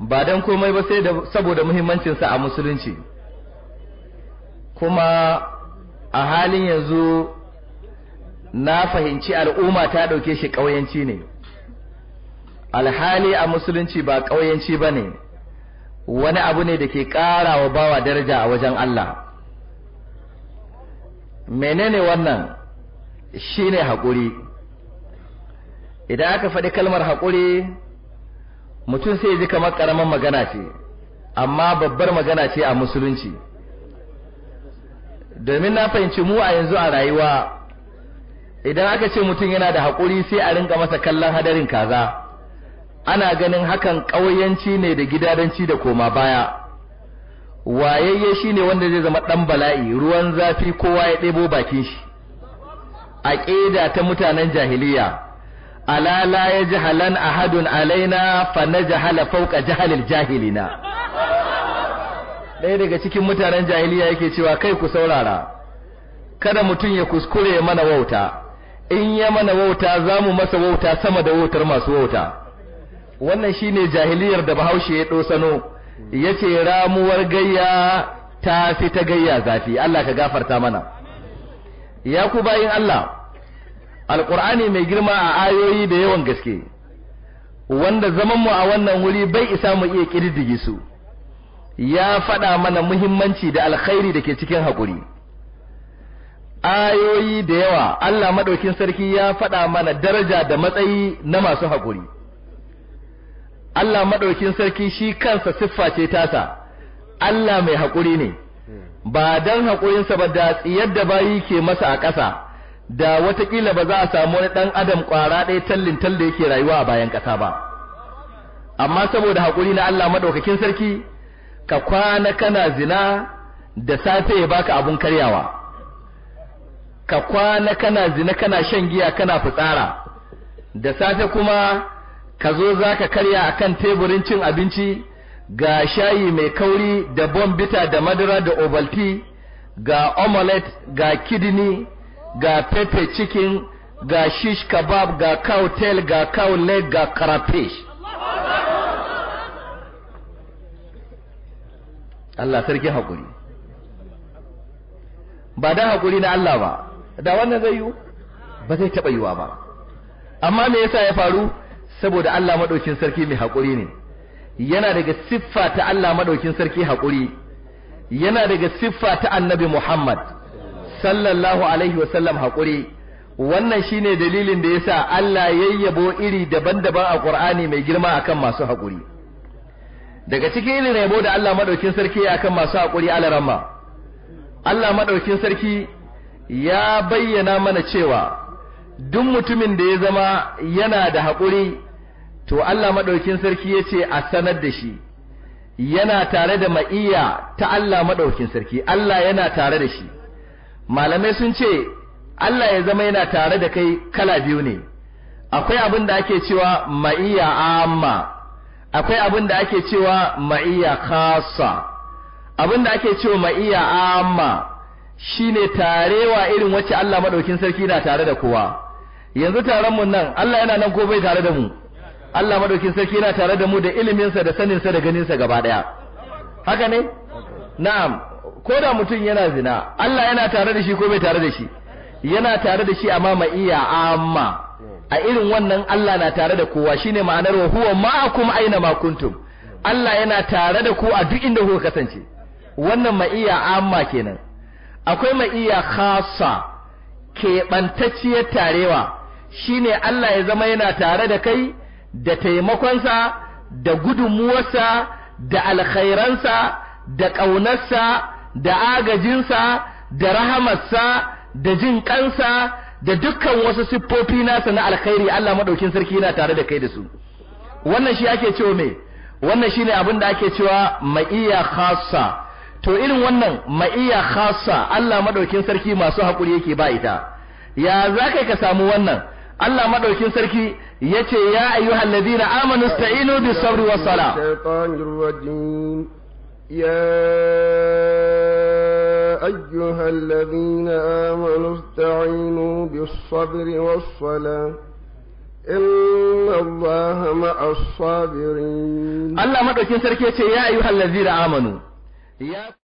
ba don komai ba sai saboda muhimmancinsa a musulunci kuma a halin yanzu na fahimci al'umma ta ɗauke shi ƙauyenci ne alhali a musulunci ba ƙauyenci ba ne wani abu ne da ke ƙara wa bawa daraja a wajen Allah menene wannan shine haƙuri idan aka faɗi kalmar haƙuri mutum sai ji kamar ƙaramin magana ce amma babbar magana ce a musulunci domin na fahimci mu a yanzu a rayuwa idan aka ce mutum yana da haƙuri sai a rinka masa kallon hadarin kaza ana ganin hakan ƙauyanci ne da gidadanci da koma baya wayayye ne wanda zai zama ɗan bala'i ruwan zafi kowa ya ɗebo bakin shi A ƙeda ta mutanen jahiliya ala la yajhalan ahadun alaina fa najhala fawqa jahalil jahilina ɗaya daga cikin mutanen jahiliya yake cewa kai ku saurara kada mutum ya kuskure mana wauta in ya mana wauta za mu masa wauta sama da wautar masu wauta wannan shine jahiliyar da bahaushe ya ɗosano ya ce ramuwar gayya ta fi ta gayya zafi Allah ka gafarta mana ya ku bayin Allah alƙur'ani mai girma a ayoyi da yawan gaske wanda zaman mu a wannan wuri bai isa mu iya kirdige su ya faɗa mana muhimmanci da alkhairi da ke cikin haƙuri ayoyi da yawa Allah maɗaukin sarki ya faɗa mana daraja da matsayi na masu haƙuri Allah maɗaukin sarki shi kansa siffa ce tasa Allah mai haƙuri ne ba don haƙurinsa ba da tsiyar da bayi ke masa a ƙasa da watakila ba za a samu wani ɗan adam kwara ɗaya tallin tal da yake rayuwa a bayan ƙasa ba amma saboda haƙuri na Allah madaukakin sarki ka kwana kana zina da safe ya baka abun karyawa ka kwana kana zina kana shan giya kana fitsara da safe kuma ka zo za ka karya a kan teburin cin abinci ga shayi mai kauri da bombita da madara da ovalti ga omelette ga kidney ga pepe chicken ga shish kebab ga cow tail ga cow leg ga crawfish Allah sarki hakuri ba da hakuri na Allah ba da wannan zai yi ba zai taba yiwa ba amma me yasa ya faru saboda Allah madaukin sarki mai hakuri ne yana daga siffa ta Allah madaukin sarki hakuri yana daga siffa ta Annabi Muhammad sallallahu alaihi wasallam haƙuri wannan shine dalilin da yasa Allah yayyabo iri daban-daban a Qur'ani mai girma akan masu haƙuri daga cikin irin yabo da Allah madaukin sarki akan masu haƙuri alarama Allah madaukin sarki ya bayyana mana cewa duk mutumin da ya zama yana da haƙuri to Allah madaukin sarki yace a sanar da shi yana tare da ma'iya ta Allah madaukin sarki Allah yana tare da shi malamai sun ce Allah ya zama yana tare da kai kala biyu ne akwai abin da ake cewa ma'iyya amma akwai abin da ake cewa ma'iyya khassa abin da ake cewa ma'iyya amma shine tarewa irin wacce Allah madaukin sarki na tare da kowa yanzu taron mu nan Allah yana nan ko bai tare da mu Allah madaukin sarki yana tare da mu da iliminsa da saninsa da ganinsa gaba daya haka ne na'am ko da mutum yana zina Allah yana tare da shi ko bai tare da shi yana tare da shi amma iya amma a irin wannan Allah na tare da kowa shine ma'anar wa huwa ma'akum aina ma kuntum Allah yana tare da ku a duk inda kuka kasance wannan iya amma kenan akwai iya khassa bantacciyar tarewa shine Allah ya zama yana tare da kai da taimakonsa da gudunmuwarsa da alkhairansa da ƙaunarsa da agajinsa da rahamarsa da jin kansa da dukkan wasu siffofi nasa na alkhairi Allah madaukin sarki yana tare da kai da su wannan shi ake cewa me wannan shine abin da ake cewa ma'iya khassa to irin wannan ma'iya khassa Allah madaukin sarki masu hakuri yake ba ita ya zakai ka samu wannan Allah madaukin sarki yace ya ayyuhallazina amanu sta'inu bis sabri was sala يا أيها الذين آمنوا استعينوا بالصبر والصلاة إن الله مع الصابرين الله ما تكين سركيتي يا أيها الذين آمنوا